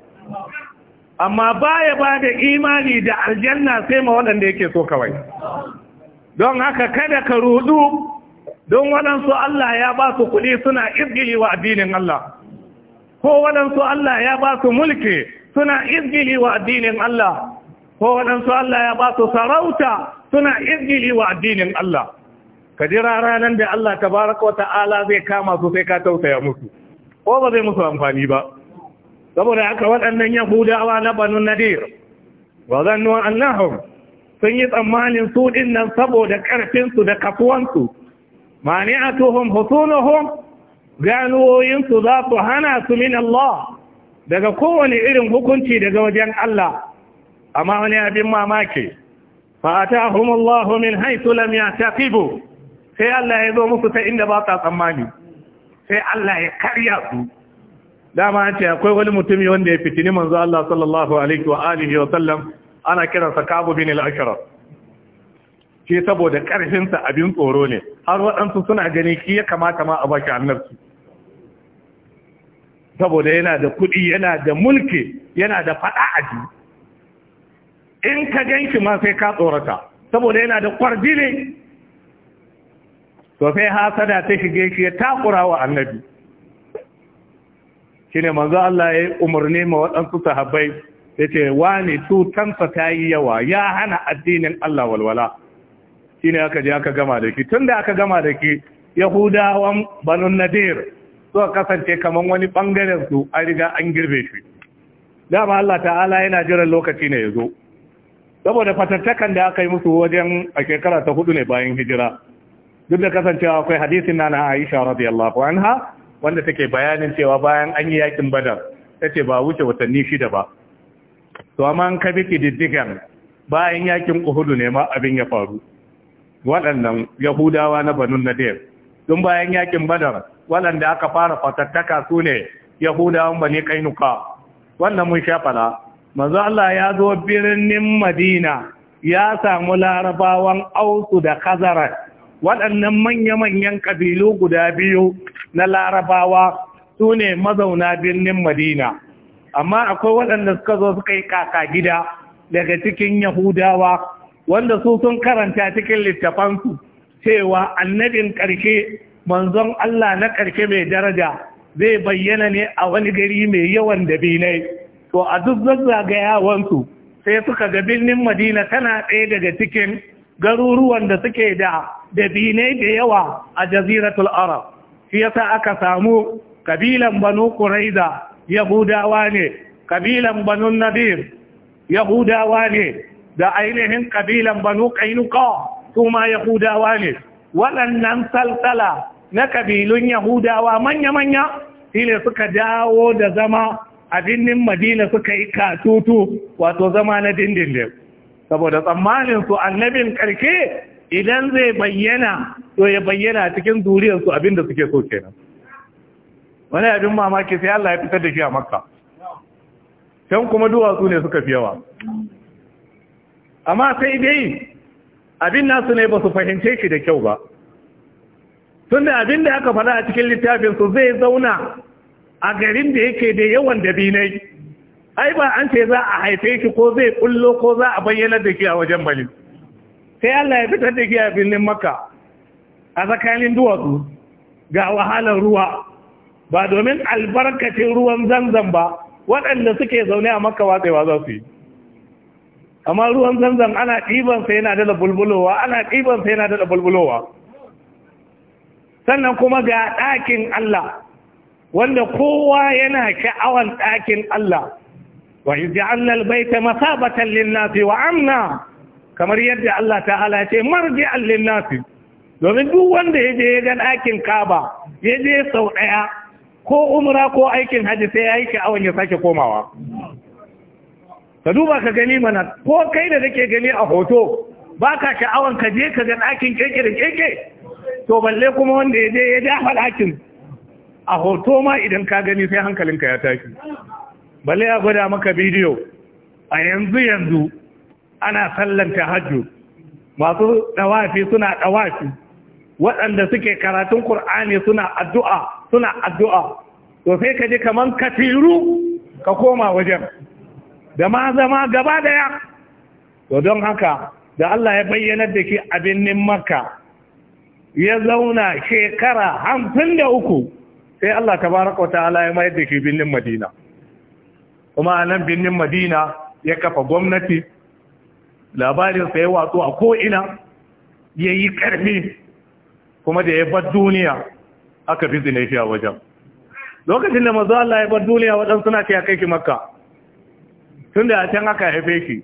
S1: amma baya ba da imani da aljanna sai ma waɗanda yake so kawai don haka kada ka rudu don waɗansu Allah ya ba su kuɗi suna izgili wa addinin Allah ko waɗansu Allah ya ba su mulki suna izgili wa addinin Allah ko waɗansu Allah ya ba su sarauta suna izgili wa addinin Allah ka jira ranar da Allah ta wa ta'ala zai kama su sai ka tausaya musu ko ba zai musu amfani ba saboda haka waɗannan yahudawa na banu nadir wa zannu annahum sun yi tsammanin su ɗin nan saboda ƙarfinsu da kasuwansu. mani a tuhum husunuhum ganuwoyinsu za su hana su min Allah daga kowane irin hukunci daga wajen Allah amma wani abin mamaki fa'atahum Allah min haythu lam yahtaqibu sai Allah ya zo musu ta inda ba ta tsammani sai Allah ya karya su dama ce akwai wani mutumi wanda ya fitini manzo Allah sallallahu alaihi wa alihi wa sallam ana kiransa kabu bin al-ashra shi saboda karfinsa abin tsoro ne har waɗansu suna gani ki ya kamata ma a baki annabci saboda yana da kuɗi yana da mulki yana da faɗa aji in ka ganki ma sai ka tsorata saboda yana da kwarji ne to sai hasada ta shige shi ya takura wa annabi shine manzo Allah ya umarni ma waɗansu sahabbai Yace, wani tutansa ta yi yawa ya hana addinin Allah walwala shi aka je aka gama da ki tun da aka gama da ki yahudawan banun nadir suka kasance kamar wani bangaren su an riga an girbe shi dama Allah ta'ala yana jiran lokaci ne yazo. saboda fatattakan da aka yi musu wajen a shekara ta hudu ne bayan hijira duk da kasancewa akwai hadisin na Aisha radiyallahu anha wanda take bayanin cewa bayan an yi yakin Badar tace ba wuce watanni shida ba to amma an ka bi bayan yakin uhudu ne ma abin ya faru waɗannan yahudawa na banu nadir tun bayan yakin badar waɗanda aka fara fatattaka su ne yahudawan bane kainuka wannan mun sha manzo Allah ya zo birnin Madina ya samu larabawan ausu da kazara waɗannan manya-manyan ƙabilu guda biyu na larabawa su ne mazauna birnin Madina amma akwai waɗanda suka zo suka yi kaka gida daga cikin yahudawa wanda su sun karanta cikin littafansu cewa annabin ƙarshe manzon Allah na ƙarshe mai daraja zai bayyana ne a wani gari mai yawan dabinai to a duk zazzagayawansu sai suka ga birnin madina tana ɗaya daga cikin garuruwan da suke da dabinai da yawa a jaziratul arab shi yasa aka samu kabilan banu kuraiza yahudawa ne kabilan banu nadir yahudawa ne da ainihin kabilan banu kainuka su ma yahudawa ne waɗannan salsala na kabilun yahudawa manya-manya shine suka dawo da zama a binin madina suka yi katutu wato zama na dindindin saboda tsammaninsu annabin karke idan zai bayyana to ya bayyana cikin zuriyarsu abinda suke so kenan wani abin mamaki sai Allah ya fitar da shi a makka can kuma duwatsu ne suka fi yawa amma sai dai abin nasu ne ba su fahimce shi da kyau ba tun da abin da aka fada a cikin littafinsu zai zauna a garin da yake da yawan dabinai ai ba an ce za a haife shi ko zai kullo ko za a bayyana da shi a wajen bali sai Allah ya fitar da shi a birnin makka a tsakanin duwatsu ga wahalar ruwa ba domin albarkacin ruwan zanzan ba waɗanda suke zaune a maka watsewa za su yi amma ruwan zanzan ana ɗibansa yana da bulbulowa ana ɗibansa yana da bulbulowa sannan kuma ga ɗakin Allah wanda kowa yana sha'awan ɗakin Allah wa izja'alna masa masabatan lin-nasi wa amna kamar yadda Allah ta'ala ce marji'an lin-nasi domin duk wanda ya je ya ga ɗakin Kaaba ya je sau ɗaya ko umra ko aikin haji sai ya yi sha'awan ya sake komawa ka duba ka gani mana ko kai da kake gani a hoto baka ka sha'awan ka je ka ga ɗakin kekirin keke to balle kuma wanda ya je ya dafa ɗakin a hoto ma idan ka gani sai hankalinka ya tashi balle ya gwada maka bidiyo a yanzu yanzu ana sallanta hajju. masu ɗawafi suna ɗawafi waɗanda suke karatun Kur'ani suna addu'a suna addu'a to sai ka ji kaman tiru ka koma wajen da ma zama gaba daya to don haka da Allah ya bayyanar da ke a birnin Makka ya zauna shekara hamsin da uku sai Allah ta baraka wata ala ya mayar da ke birnin Madina kuma a nan birnin Madina ya kafa gwamnati labarinsa ya watsu a ko'ina ya yi ƙarfi kuma da ya bar duniya aka fi shi a wajen lokacin da mazu Allah ya bar duniya waɗansu suna ce a kai shi makka tun da a can aka haife shi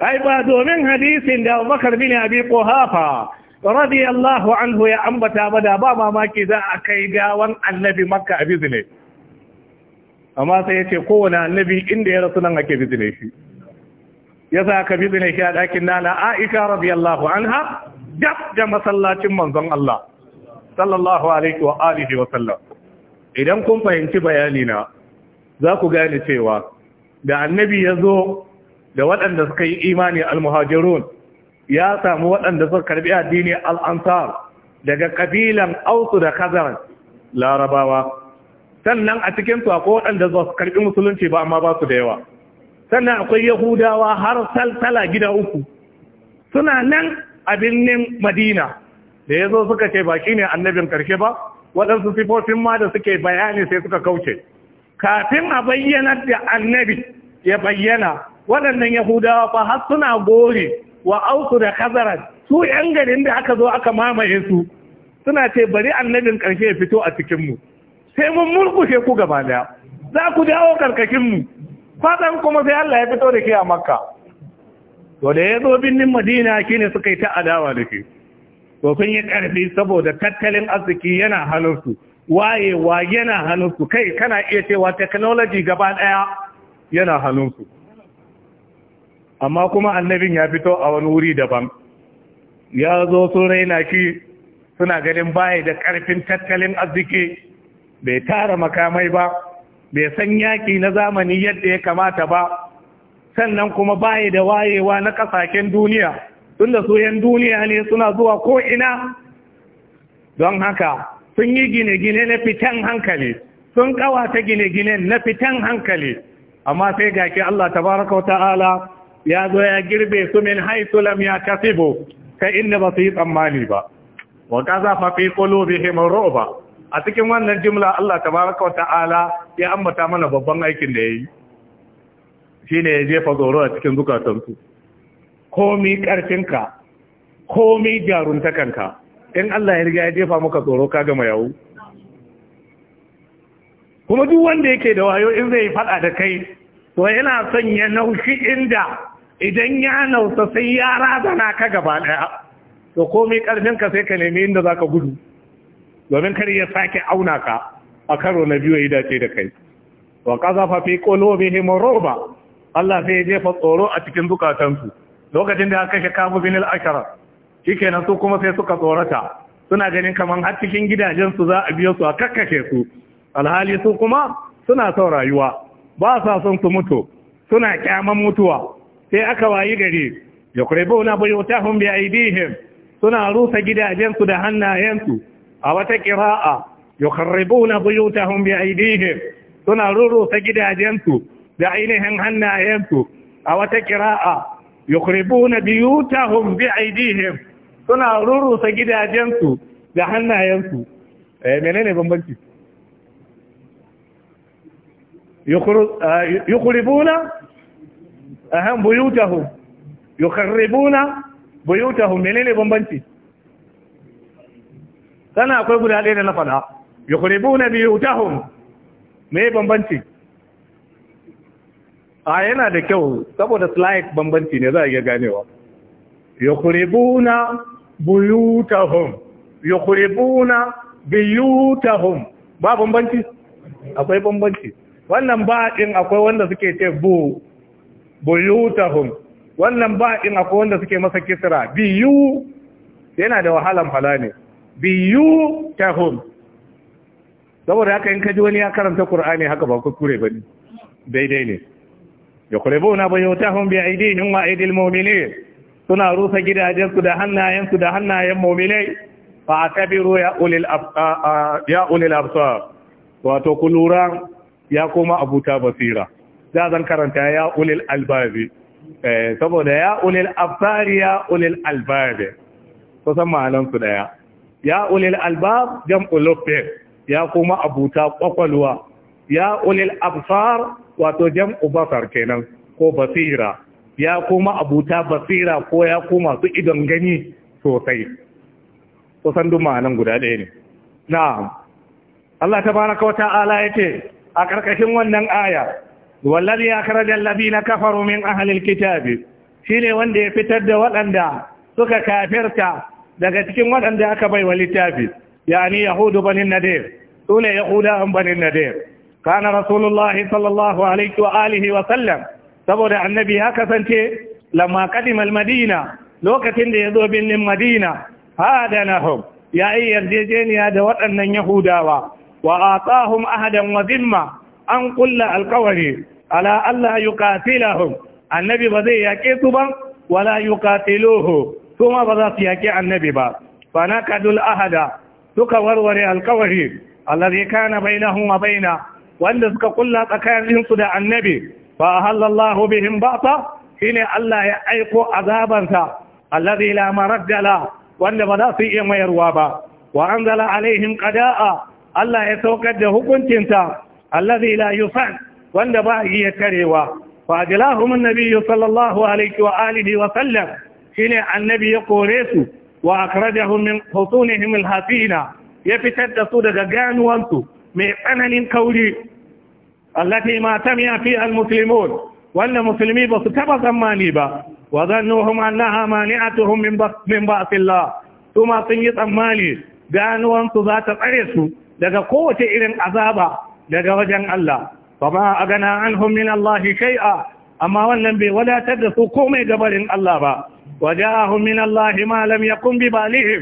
S1: ai ba domin hadisin da Abubakar bin Abi Quhafa radiyallahu anhu ya ambata ba da ba mamaki za a kai gawan annabi makka a bizine amma sai ya ce kowane annabi inda ya rasu nan ake bizine shi ya sa aka bizine shi a ɗakin nana aisha radiyallahu anha dab da masallacin manzon Allah sallallahu alaihi wa alihi wa sallam idan kun fahimci bayanina za ku gane cewa da annabi ya zo da waɗanda suka yi imani almuhajirun ya samu waɗanda suka karbi addini al'ansar daga kabilan ausu da kazar larabawa sannan a cikinsu akwai waɗanda su karbi musulunci ba amma ba su da yawa sannan akwai yahudawa har salsala gida uku suna nan a birnin madina da ya zo suka ce baki ne annabin karshe ba waɗansu sifofin ma da suke bayani sai suka kauce kafin a bayyana da annabi ya bayyana waɗannan yahudawa fa har suna gore wa ausu da kazarar su yan garin da aka zo aka mamaye su suna ce bari annabin karshe ya fito a cikinmu sai mun murkushe ku gaba daya za ku dawo karkashinmu fatan kuma sai Allah ya fito da ke a makka to da ya zo birnin madina ne suka yi ta adawa da shi to sun yi ƙarfi saboda tattalin arziki yana hannunsu wayewa yana hannunsu kai kana iya cewa technology gaba ɗaya yana hannunsu amma kuma annabin ya fito a wani wuri daban ya zo sun raina shi suna ganin baya da ƙarfin tattalin arziki bai tara makamai ba bai san yaki na zamani yadda ya kamata ba sannan kuma baya da wayewa na kasashen duniya tunda su yan duniya ne suna zuwa ko ina don haka sun yi gine-gine na fitan hankali sun kawata gine-gine na fitan hankali amma sai ga ke Allah tabaraka wa ta'ala ya zo ya girbe su min haitu lam ya kasibu ta inda ba su yi tsammani ba wa kaza fa fi qulubihim ru'ba a cikin wannan jumla Allah tabaraka wa ta'ala ya ambata mana babban aikin da yayi Shi ne ya jefa tsoro a cikin zukatansu komi ƙarfinka komi jaruntakanka in Allah ya riga ya jefa maka tsoro ka gama yawo kuma duk wanda yake da wayo in zai faɗa da kai to yana son ya naushi inda idan ya nausa sai ya razana ka gaba ɗaya to komai ƙarfinka sai ka nemi inda za ka gudu domin kar ya sake auna ka a karo na biyu ya dace da kai wa ƙazafa fi ƙolobi roba. Allah sai ya jefa tsoro a cikin zukatansu lokacin da aka kashe kafu binil ashara shikenan su kuma sai suka tsorata suna ganin kamar har cikin gidajensu za a biyo su a kakkashe su alhali su kuma suna son rayuwa ba sa son su mutu suna kyaman mutuwa sai aka wayi gari ya kurebuna hun bi aidihim suna rusa gidajensu da hannayensu a wata qira'a yukarribuna buyutahum bi aidihim suna rurusa gidajensu da ainihin hannayensu a wata kira'a yukhribuna biyutahum bi'aydihim suna rurusa gidajensu da hannayensu eh menene bambanci eh, yukhribuna aham buyutahum yukhribuna buyutahum menene bambanci sana akwai guda ɗaya da na faɗa yukhribuna biyutahum me bambanci a yana da kyau saboda slight bambanci ne za a iya ganewa yukuribuna buyutahum yukuribuna buyutahum ba bambanci akwai bambanci wannan ba din akwai wanda suke ce bu buyutahum wannan ba din akwai wanda suke masa kisra biyu yana da wahalan fala ne biyu tahum saboda haka in kaji wani ya karanta qur'ani haka ba kure bane daidai ne yuqribuna buyutahum bi'aydihim wa aydil mu'minin suna rusa gidajensu da hannayensu da hannayen mu'minai fa akabiru ya ulil ya ulil absar wato ku lura ya koma abuta basira da zan karanta ya ulil albabi saboda ya ulil absari ya ulil albabi kusan ma'anan su daya ya ulil albab jam'u lufi ya kuma abuta kwakwalwa ya ulil absar wato jan basar kenan ko basira ya koma abuta basira ko ya koma su idon gani sosai kusan duk ma'anan guda ɗaya ne na Allah ta kawata ala ya ce a ƙarƙashin wannan aya wallazi akhrajal na kafaru min ahlil kitabi shine wanda ya fitar da waɗanda suka kafirta daga cikin waɗanda aka bai wa littafi yani yahudu banin nadir sune yahuda an banin nadir kana rasulullahi sallallahu alaihi wa alihi wa sallam saboda annabi ya kasance lamma qadimal madina lokacin da ya zo birnin madina hadanahum ya yi yarjejeniya da waɗannan yahudawa wa atahum ahadan wa zimma an kulla alkawari ala Allah yuqatilahum annabi ba zai yake su ba wala yuqatiluhu kuma ba za su yake annabi ba fa nakadul ahada suka warware alkawari alladhi kana bainahum wa baina wanda suka kulla tsakaninsu da annabi fa halallahu bihim Shi shine Allah ya aiko azabansa allazi la maradda wanda ba za su iya mayarwa ba wa anzala alaihim qada'a Allah ya saukar da hukuncinta allazi la yusan wanda ba iya karewa fa ajlahum annabiyyu sallallahu alaihi wa alihi wa sallam shine annabi ya kore su wa akhrajahum min hutunihim alhafina ya fitar da su daga ganuwansu من أنن كولي التي ما تمع فيها المسلمون ولا مسلمي بصفة مانيبة وظنوهم أنها مانعتهم من بأس من بأس الله ثم طيط مالي قالوا أن تذات الأرس لقى قوة إلى العذاب لقى وجه الله فما أغنى عنهم من الله شيئا أما والنبي ولا تدسوا قوم جبل الله وجاءهم من الله ما لم يقم ببالهم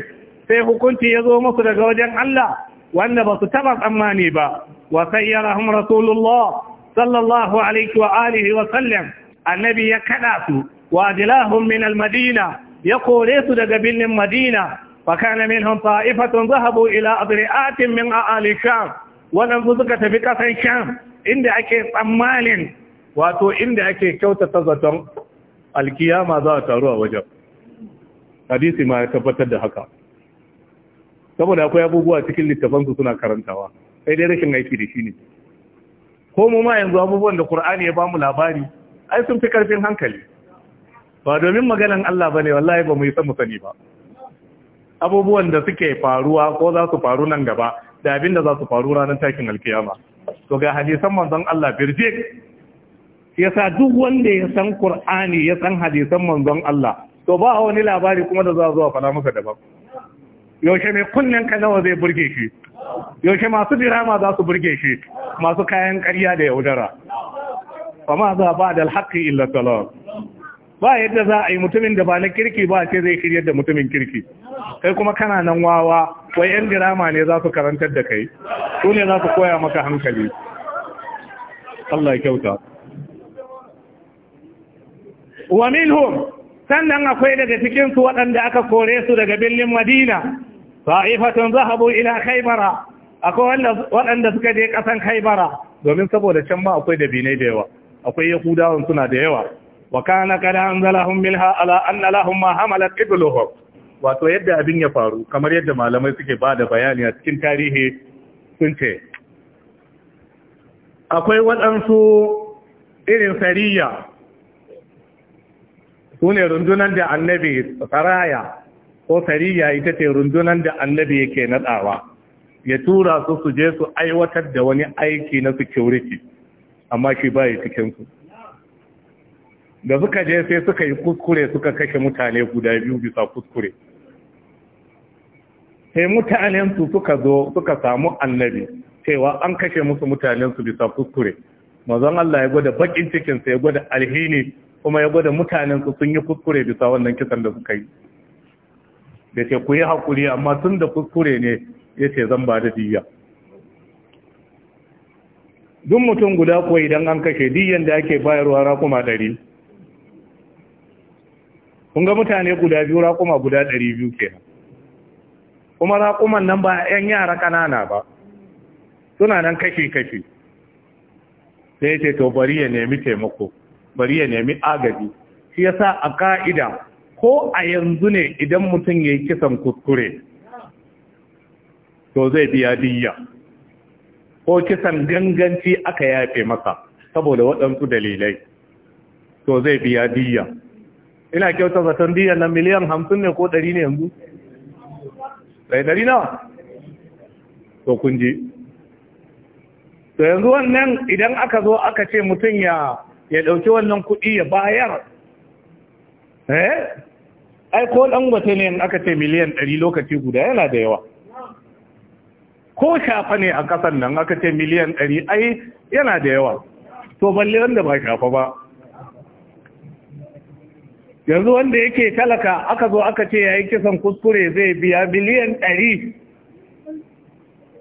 S1: فيه كنت يذو مصر لقى وجه الله wanda ba su taba tsammani ba wa sayyarahum rasulullah sallallahu alaihi wa alihi wa sallam annabi ya kada su wa ajlahum min madina ya kore su daga birnin madina fa kana minhum ta'ifatun zahabu ila adri'atin min a'ali sham wannan suka tafi kasan sham inda ake tsammanin wato inda ake kyautata zaton alkiyama za ta taru a wajen hadisi ma ya tabbatar da haka saboda akwai abubuwa cikin littafansu suna karantawa sai dai rashin aiki da shi ne ko mu ma yanzu abubuwan da Qur'ani ya bamu labari ai sun fi karfin hankali ba domin maganan Allah bane wallahi ba mu yi san sani ba abubuwan da suke faruwa ko za su faru nan gaba da abin da za su faru ranar takin alkiyama to ga hadisan manzon Allah Ya yasa duk wanda ya san Qur'ani ya san hadisan manzon Allah to ba wani labari kuma da za zuwa fara masa daban yaushe mai kunnen ka nawa zai burge shi yaushe masu dirama za su burge shi masu kayan karya da yaudara ba ma za ba da alhaƙi illa salon ba yadda za a yi mutumin da ba na kirki ba ce zai shirya da mutumin kirki kai kuma kana nan wawa wai yan dirama ne za su karantar da kai su ne za su koya maka hankali Allah ya kyauta wa minhum sannan akwai daga cikinsu waɗanda aka kore su daga birnin madina sa'ifatun zahabu ila khaybara akwai waɗanda suka je ƙasan khaybara domin saboda can ma akwai dabinai da yawa akwai yahudawan suna da yawa wa kana kada anzalahum minha ala an lahum ma hamalat ibluhum wato yadda abin ya faru kamar yadda malamai suke bada bayani a cikin tarihi sun ce akwai wadansu irin sariya su ne rundunar da annabi saraya ko sariya ita ce rundunar da annabi yake nadawa ya tura su su je su aiwatar da wani aiki na security amma shi ba ya cikinsu da suka je sai suka yi kuskure suka kashe mutane guda biyu bisa kuskure sai mutanensu suka zo suka samu annabi cewa an kashe musu mutanensu bisa kuskure mazan Allah ya gwada bakin cikinsa ya gwada alhini kuma ya gwada mutanensu sun yi kuskure bisa wannan kisan da suka yi da ce ku yi haƙuri amma tun da kuskure ne ya ce zan ba da diya duk mutum guda kuwa idan an kashe diyan da ake bayarwa rakuma ɗari kun ga mutane guda biyu rakuma guda ɗari biyu kenan kuma rakuman nan ba 'yan yara ƙanana ba suna nan kashi-kashi sai ce to bari ya nemi taimako bari ya nemi agaji shi yasa a ka'ida ko a yanzu ne idan mutum ya yi kisan kuskure to zai biya diya ko kisan ganganci aka yafe masa saboda waɗansu dalilai to zai biya diya ina kyauta zaton diya na miliyan hamsin ne ko ɗari ne yanzu ɗari ɗari nawa to kun ji to yanzu wannan idan aka zo aka ce mutum ya ya ɗauki wannan kuɗi ya bayar eh ai ko dangote ne in aka ce miliyan 100 lokaci guda yana da yawa ko shafa ne a kasan nan aka ce miliyan 100 ai yana da yawa to balle wanda ba shafa ba yanzu wanda yake talaka aka zo aka ce yi kisan kuskure zai biya miliyan 100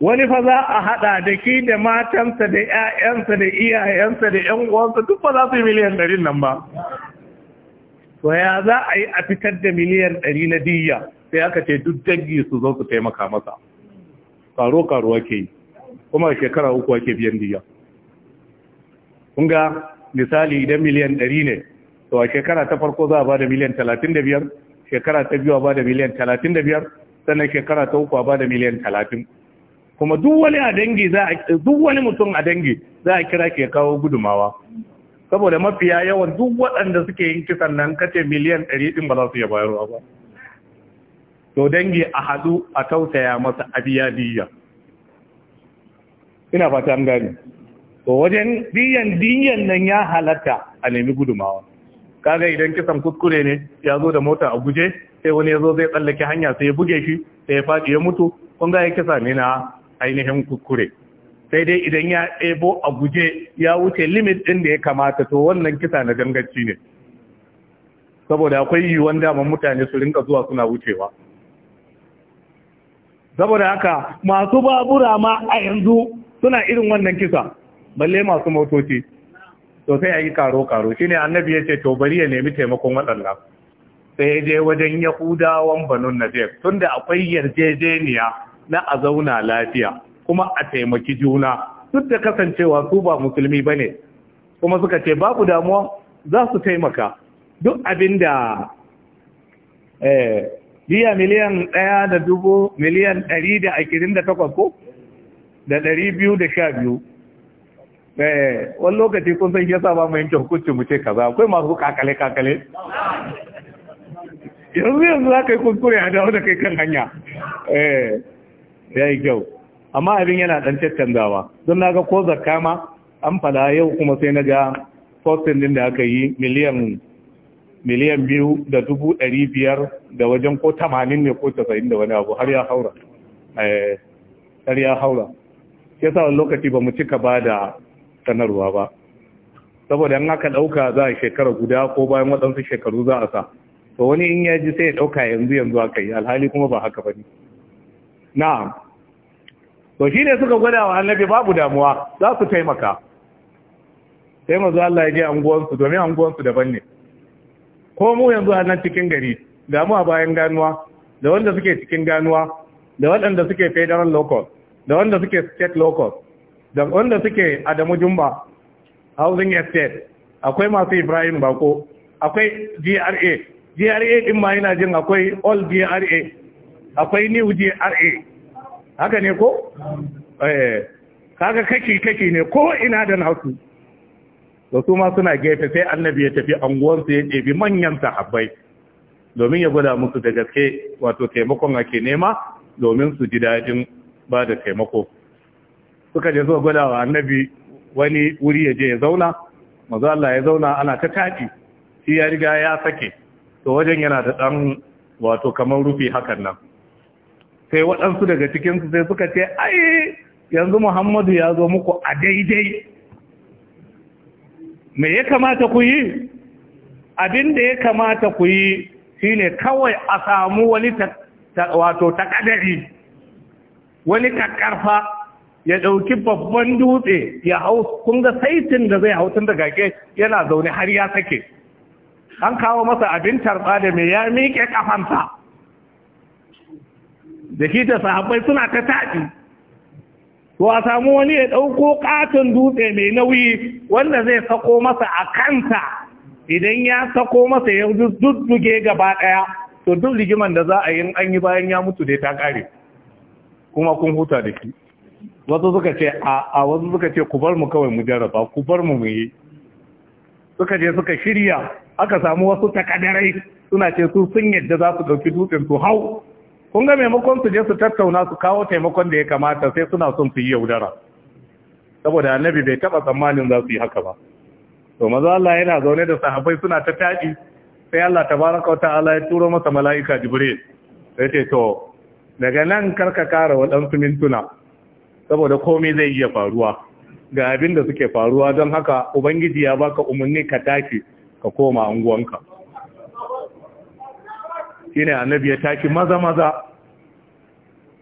S1: wani fa za a hada da ki da matansa da 'ya'yansa da iyayensa da 'yan uwansa duk fa za su yi miliyan 100 nan ba to ya za a yi a fitar da miliyan ɗari na diyya sai aka ce duk dangi su zo su taimaka masa karo karuwa ke yi kuma shekara uku ake biyan diyya kun ga misali idan miliyan ɗari ne to a shekara ta farko za a ba da miliyan talatin da biyar shekara ta biyu a ba da miliyan talatin da biyar sannan shekara ta uku a ba da miliyan talatin kuma duk wani duk wani mutum a dangi za a kira ke kawo gudumawa saboda mafiya yawan duk waɗanda suke yin kisan nan kace miliyan 100 din ba za su ya bayarwa ba to dangi a hadu a tausaya masa abiya diya ina fata an gani to wajen diyan diyan nan ya halatta a nemi gudumawa kaga idan kisan kuskure ne ya zo da mota a guje sai wani ya zo zai tsallake hanya sai ya buge shi sai ya faɗi ya mutu kun ga ya kisa ne na ainihin kuskure sai dai idan ya ɗebo a guje ya wuce limit ɗin da ya kamata to wannan kisa na ganganci ne saboda akwai yiwuwan daman mutane su rinka zuwa suna wucewa saboda haka masu babura ma a yanzu suna irin wannan kisa balle masu motoci to sai a yi karo-karo shi ne annabi ya ce to bari ya nemi taimakon waɗanda sai ya je wajen yahudawan banun najef tun da akwai yarjejeniya na a zauna lafiya kuma a taimaki juna duk da kasancewa su ba musulmi ba ne kuma suka ce babu damuwa za su taimaka duk abin da biya eh, miliyan ɗaya da dubu miliyan ɗari da ashirin da takwas ko da ɗari biyu da sha biyu eh, wani lokaci kun san yasa ba mu yanke hukunci mu ce kaza akwai masu kakale kakale yanzu yanzu za ka yi kuskure a dawo da kai kan hanya eh ya yi kyau amma abin yana dan caccanzawa don naga ko zakka ma an fada yau kuma sai naga posting din da aka yi miliyan miliyan biyu da dubu ɗari biyar da wajen ko tamanin ne ko tasa'in da wani abu har ya haura eh, har ya haura ya sa wani lokaci ba mu cika ba da sanarwa ba saboda in aka ɗauka za a shekara guda ko bayan waɗansu shekaru za a sa to wani in ya ji sai ya ɗauka yanzu yanzu aka yi alhali kuma ba haka ba ne na'am to shine suka gwada wa annabi babu damuwa za su taimaka sai mazu Allah ya je anguwansu domin anguwansu daban ne ko mu yanzu a nan cikin gari damuwa bayan ganuwa da wanda suke cikin ganuwa da waɗanda suke federal local da wanda suke state local da wanda suke adamu jumba housing estate akwai masu ibrahim bako akwai gra gra din ma yana jin akwai all gra akwai new gra haka ne ko? eh kaga kaki ne ko ina da nasu da su ma suna gefe sai annabi ya tafi anguwarsu ya ɗebi manyan sahabbai domin ya gwada musu da gaske wato taimakon ake nema domin su ji daɗin ba da taimako suka je zuwa gwada wa annabi wani wuri ya je ya zauna mazu Allah ya zauna ana ta taɗi shi ya riga ya sake to wajen yana da ɗan wato kamar rufi hakan nan sai waɗansu daga cikinsu sai suka ce ai yanzu muhammadu ya zo muku a daidai me ya kamata ku yi abin da ya kamata ku yi shine kawai a samu wani wato takadari wani kakkarfa ya ɗauki babban dutse ya hau kun ga saitin da zai hau tun daga ke yana zaune har ya sake an kawo masa abin tarba da mai ya miƙe kafansa da shi da sahabbai suna ta taɗi to a samu wani ya ɗauko ƙaton dutse mai nauyi wanda zai sako masa a kanta idan ya sako masa ya dudduge gaba ɗaya to duk rigiman da za a yi an yi bayan ya mutu dai ta ƙare kuma kun huta da shi wasu suka ce a wasu suka ce ku bar mu kawai mu jarraba ku bar mu mu yi suka je suka shirya aka samu wasu takadarai suna ce su sun yadda za su ɗauki dutsen su hau kun ga maimakon su je su tattauna su kawo taimakon da ya kamata sai suna son su yi yaudara saboda annabi bai taba tsammanin za su yi haka ba to maza Allah yana zaune da sahabbai suna ta tadi sai Allah tabaraka wa ta'ala ya turo masa mala'ika Jibril sai ce to daga nan karka kara su mintuna saboda komai zai iya faruwa ga abin da suke faruwa don haka ubangiji ya baka umarni ka tashi ka koma unguwanka shine annabi ya tashi maza maza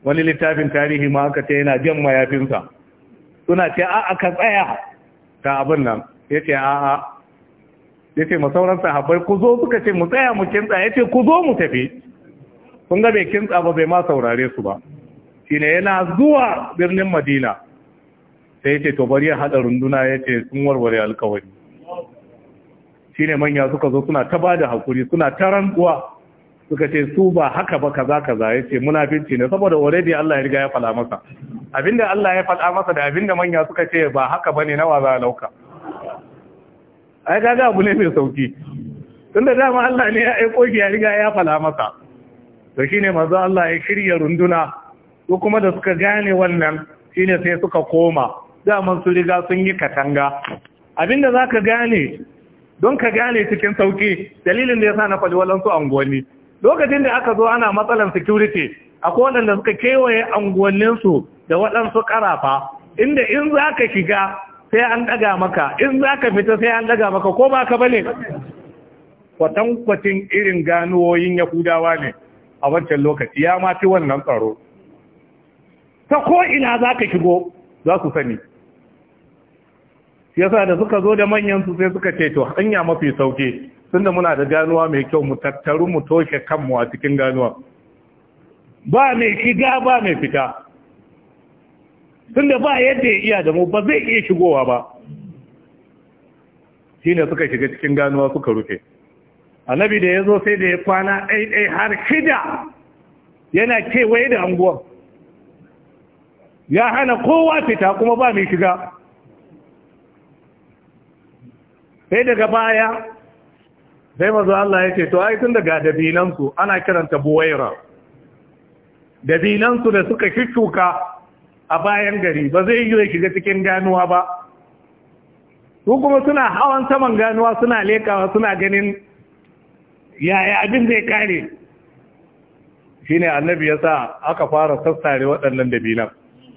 S1: wani littafin tarihi ma aka ce yana jan mayafinsa suna ce a'a ka tsaya ta abin nan ya ce a'a ya ce masauran sahabbai ku zo suka ce mu tsaya mu kintsa ya ce ku zo mu tafi sun ga bai kintsa ba bai ma saurare su ba shi ne yana zuwa birnin madina sai ya ce to bari ya haɗa runduna ya ce sun warware alkawari shi ne manya suka zo suna ta ba da haƙuri suna ta rantsuwa suka ce su ba haka ba kaza kaza yace munafinci ne saboda already Allah ya riga ya fada masa abinda Allah ya fada masa da abinda manya suka ce ba haka bane na waza lauka ai kaga abu ne mai sauki tunda dama Allah ne ya aiko ki ya riga ya fada masa to shine manzo Allah ya shirya runduna ko kuma da suka gane wannan shine sai suka koma daman su riga sun yi katanga abinda zaka gane don ka gane cikin sauki dalilin da ya sa na faɗi walansu angoni lokacin da aka zo ana matsalan security akwai waɗanda suka kewaye anguwanninsu da waɗansu ƙarafa inda in za ka shiga sai an ɗaga maka in za ka fita sai an ɗaga maka ko ba ka ba ne kwatankwacin irin ganuwoyin yahudawa ne a wancan lokaci ya ma wannan tsaro ta ko ina za ka shigo za su sani yasa da suka zo da manyan su sai suka ce to hanya mafi sauke tunda muna da ganuwa mai kyau mu tattaru mu toshe kanmu a cikin ganuwa ba mai shiga ba mai fita tunda ba yadda ya iya da mu ba zai iya shigowa ba shi ne suka shiga cikin ganuwa suka rufe annabi da ya zo sai da ya kwana ɗaiɗai har shida yana kewaye da anguwa ya hana kowa fita kuma ba mai shiga sai daga baya sai mazu Allah ya ce to ai tun daga dabilansu ana kiranta buwaira dabilansu da suka shuka a bayan gari ba zai yi shiga cikin ganuwa ba su kuma suna hawan saman ganuwa suna lekawa suna ganin yaya abin zai kare Shi ne annabi ya sa aka fara sassare waɗannan dabilan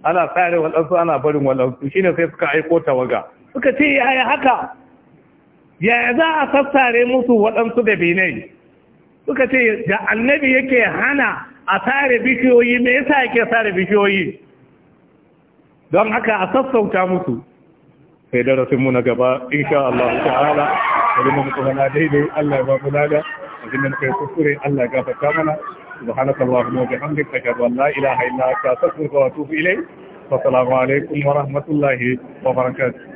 S1: ana tsare waɗansu ana barin waɗansu shine sai suka aiko tawaga suka ce yaya haka ya za a sassare musu waɗansu da benai suka ce da annabi yake hana a sare bishiyoyi me yasa yake sare bishiyoyi don haka a sassauta musu sai darasin mu na gaba insha Allah ta'ala bari mu kuma hana daidai Allah ba mu lada a da kai kuskure Allah ya gafarta mana subhanaka allahumma wa bihamdika ashhadu an la ilaha illa anta astaghfiruka wa atubu ilayk wa assalamu alaikum wa rahmatullahi
S3: wa barakatuh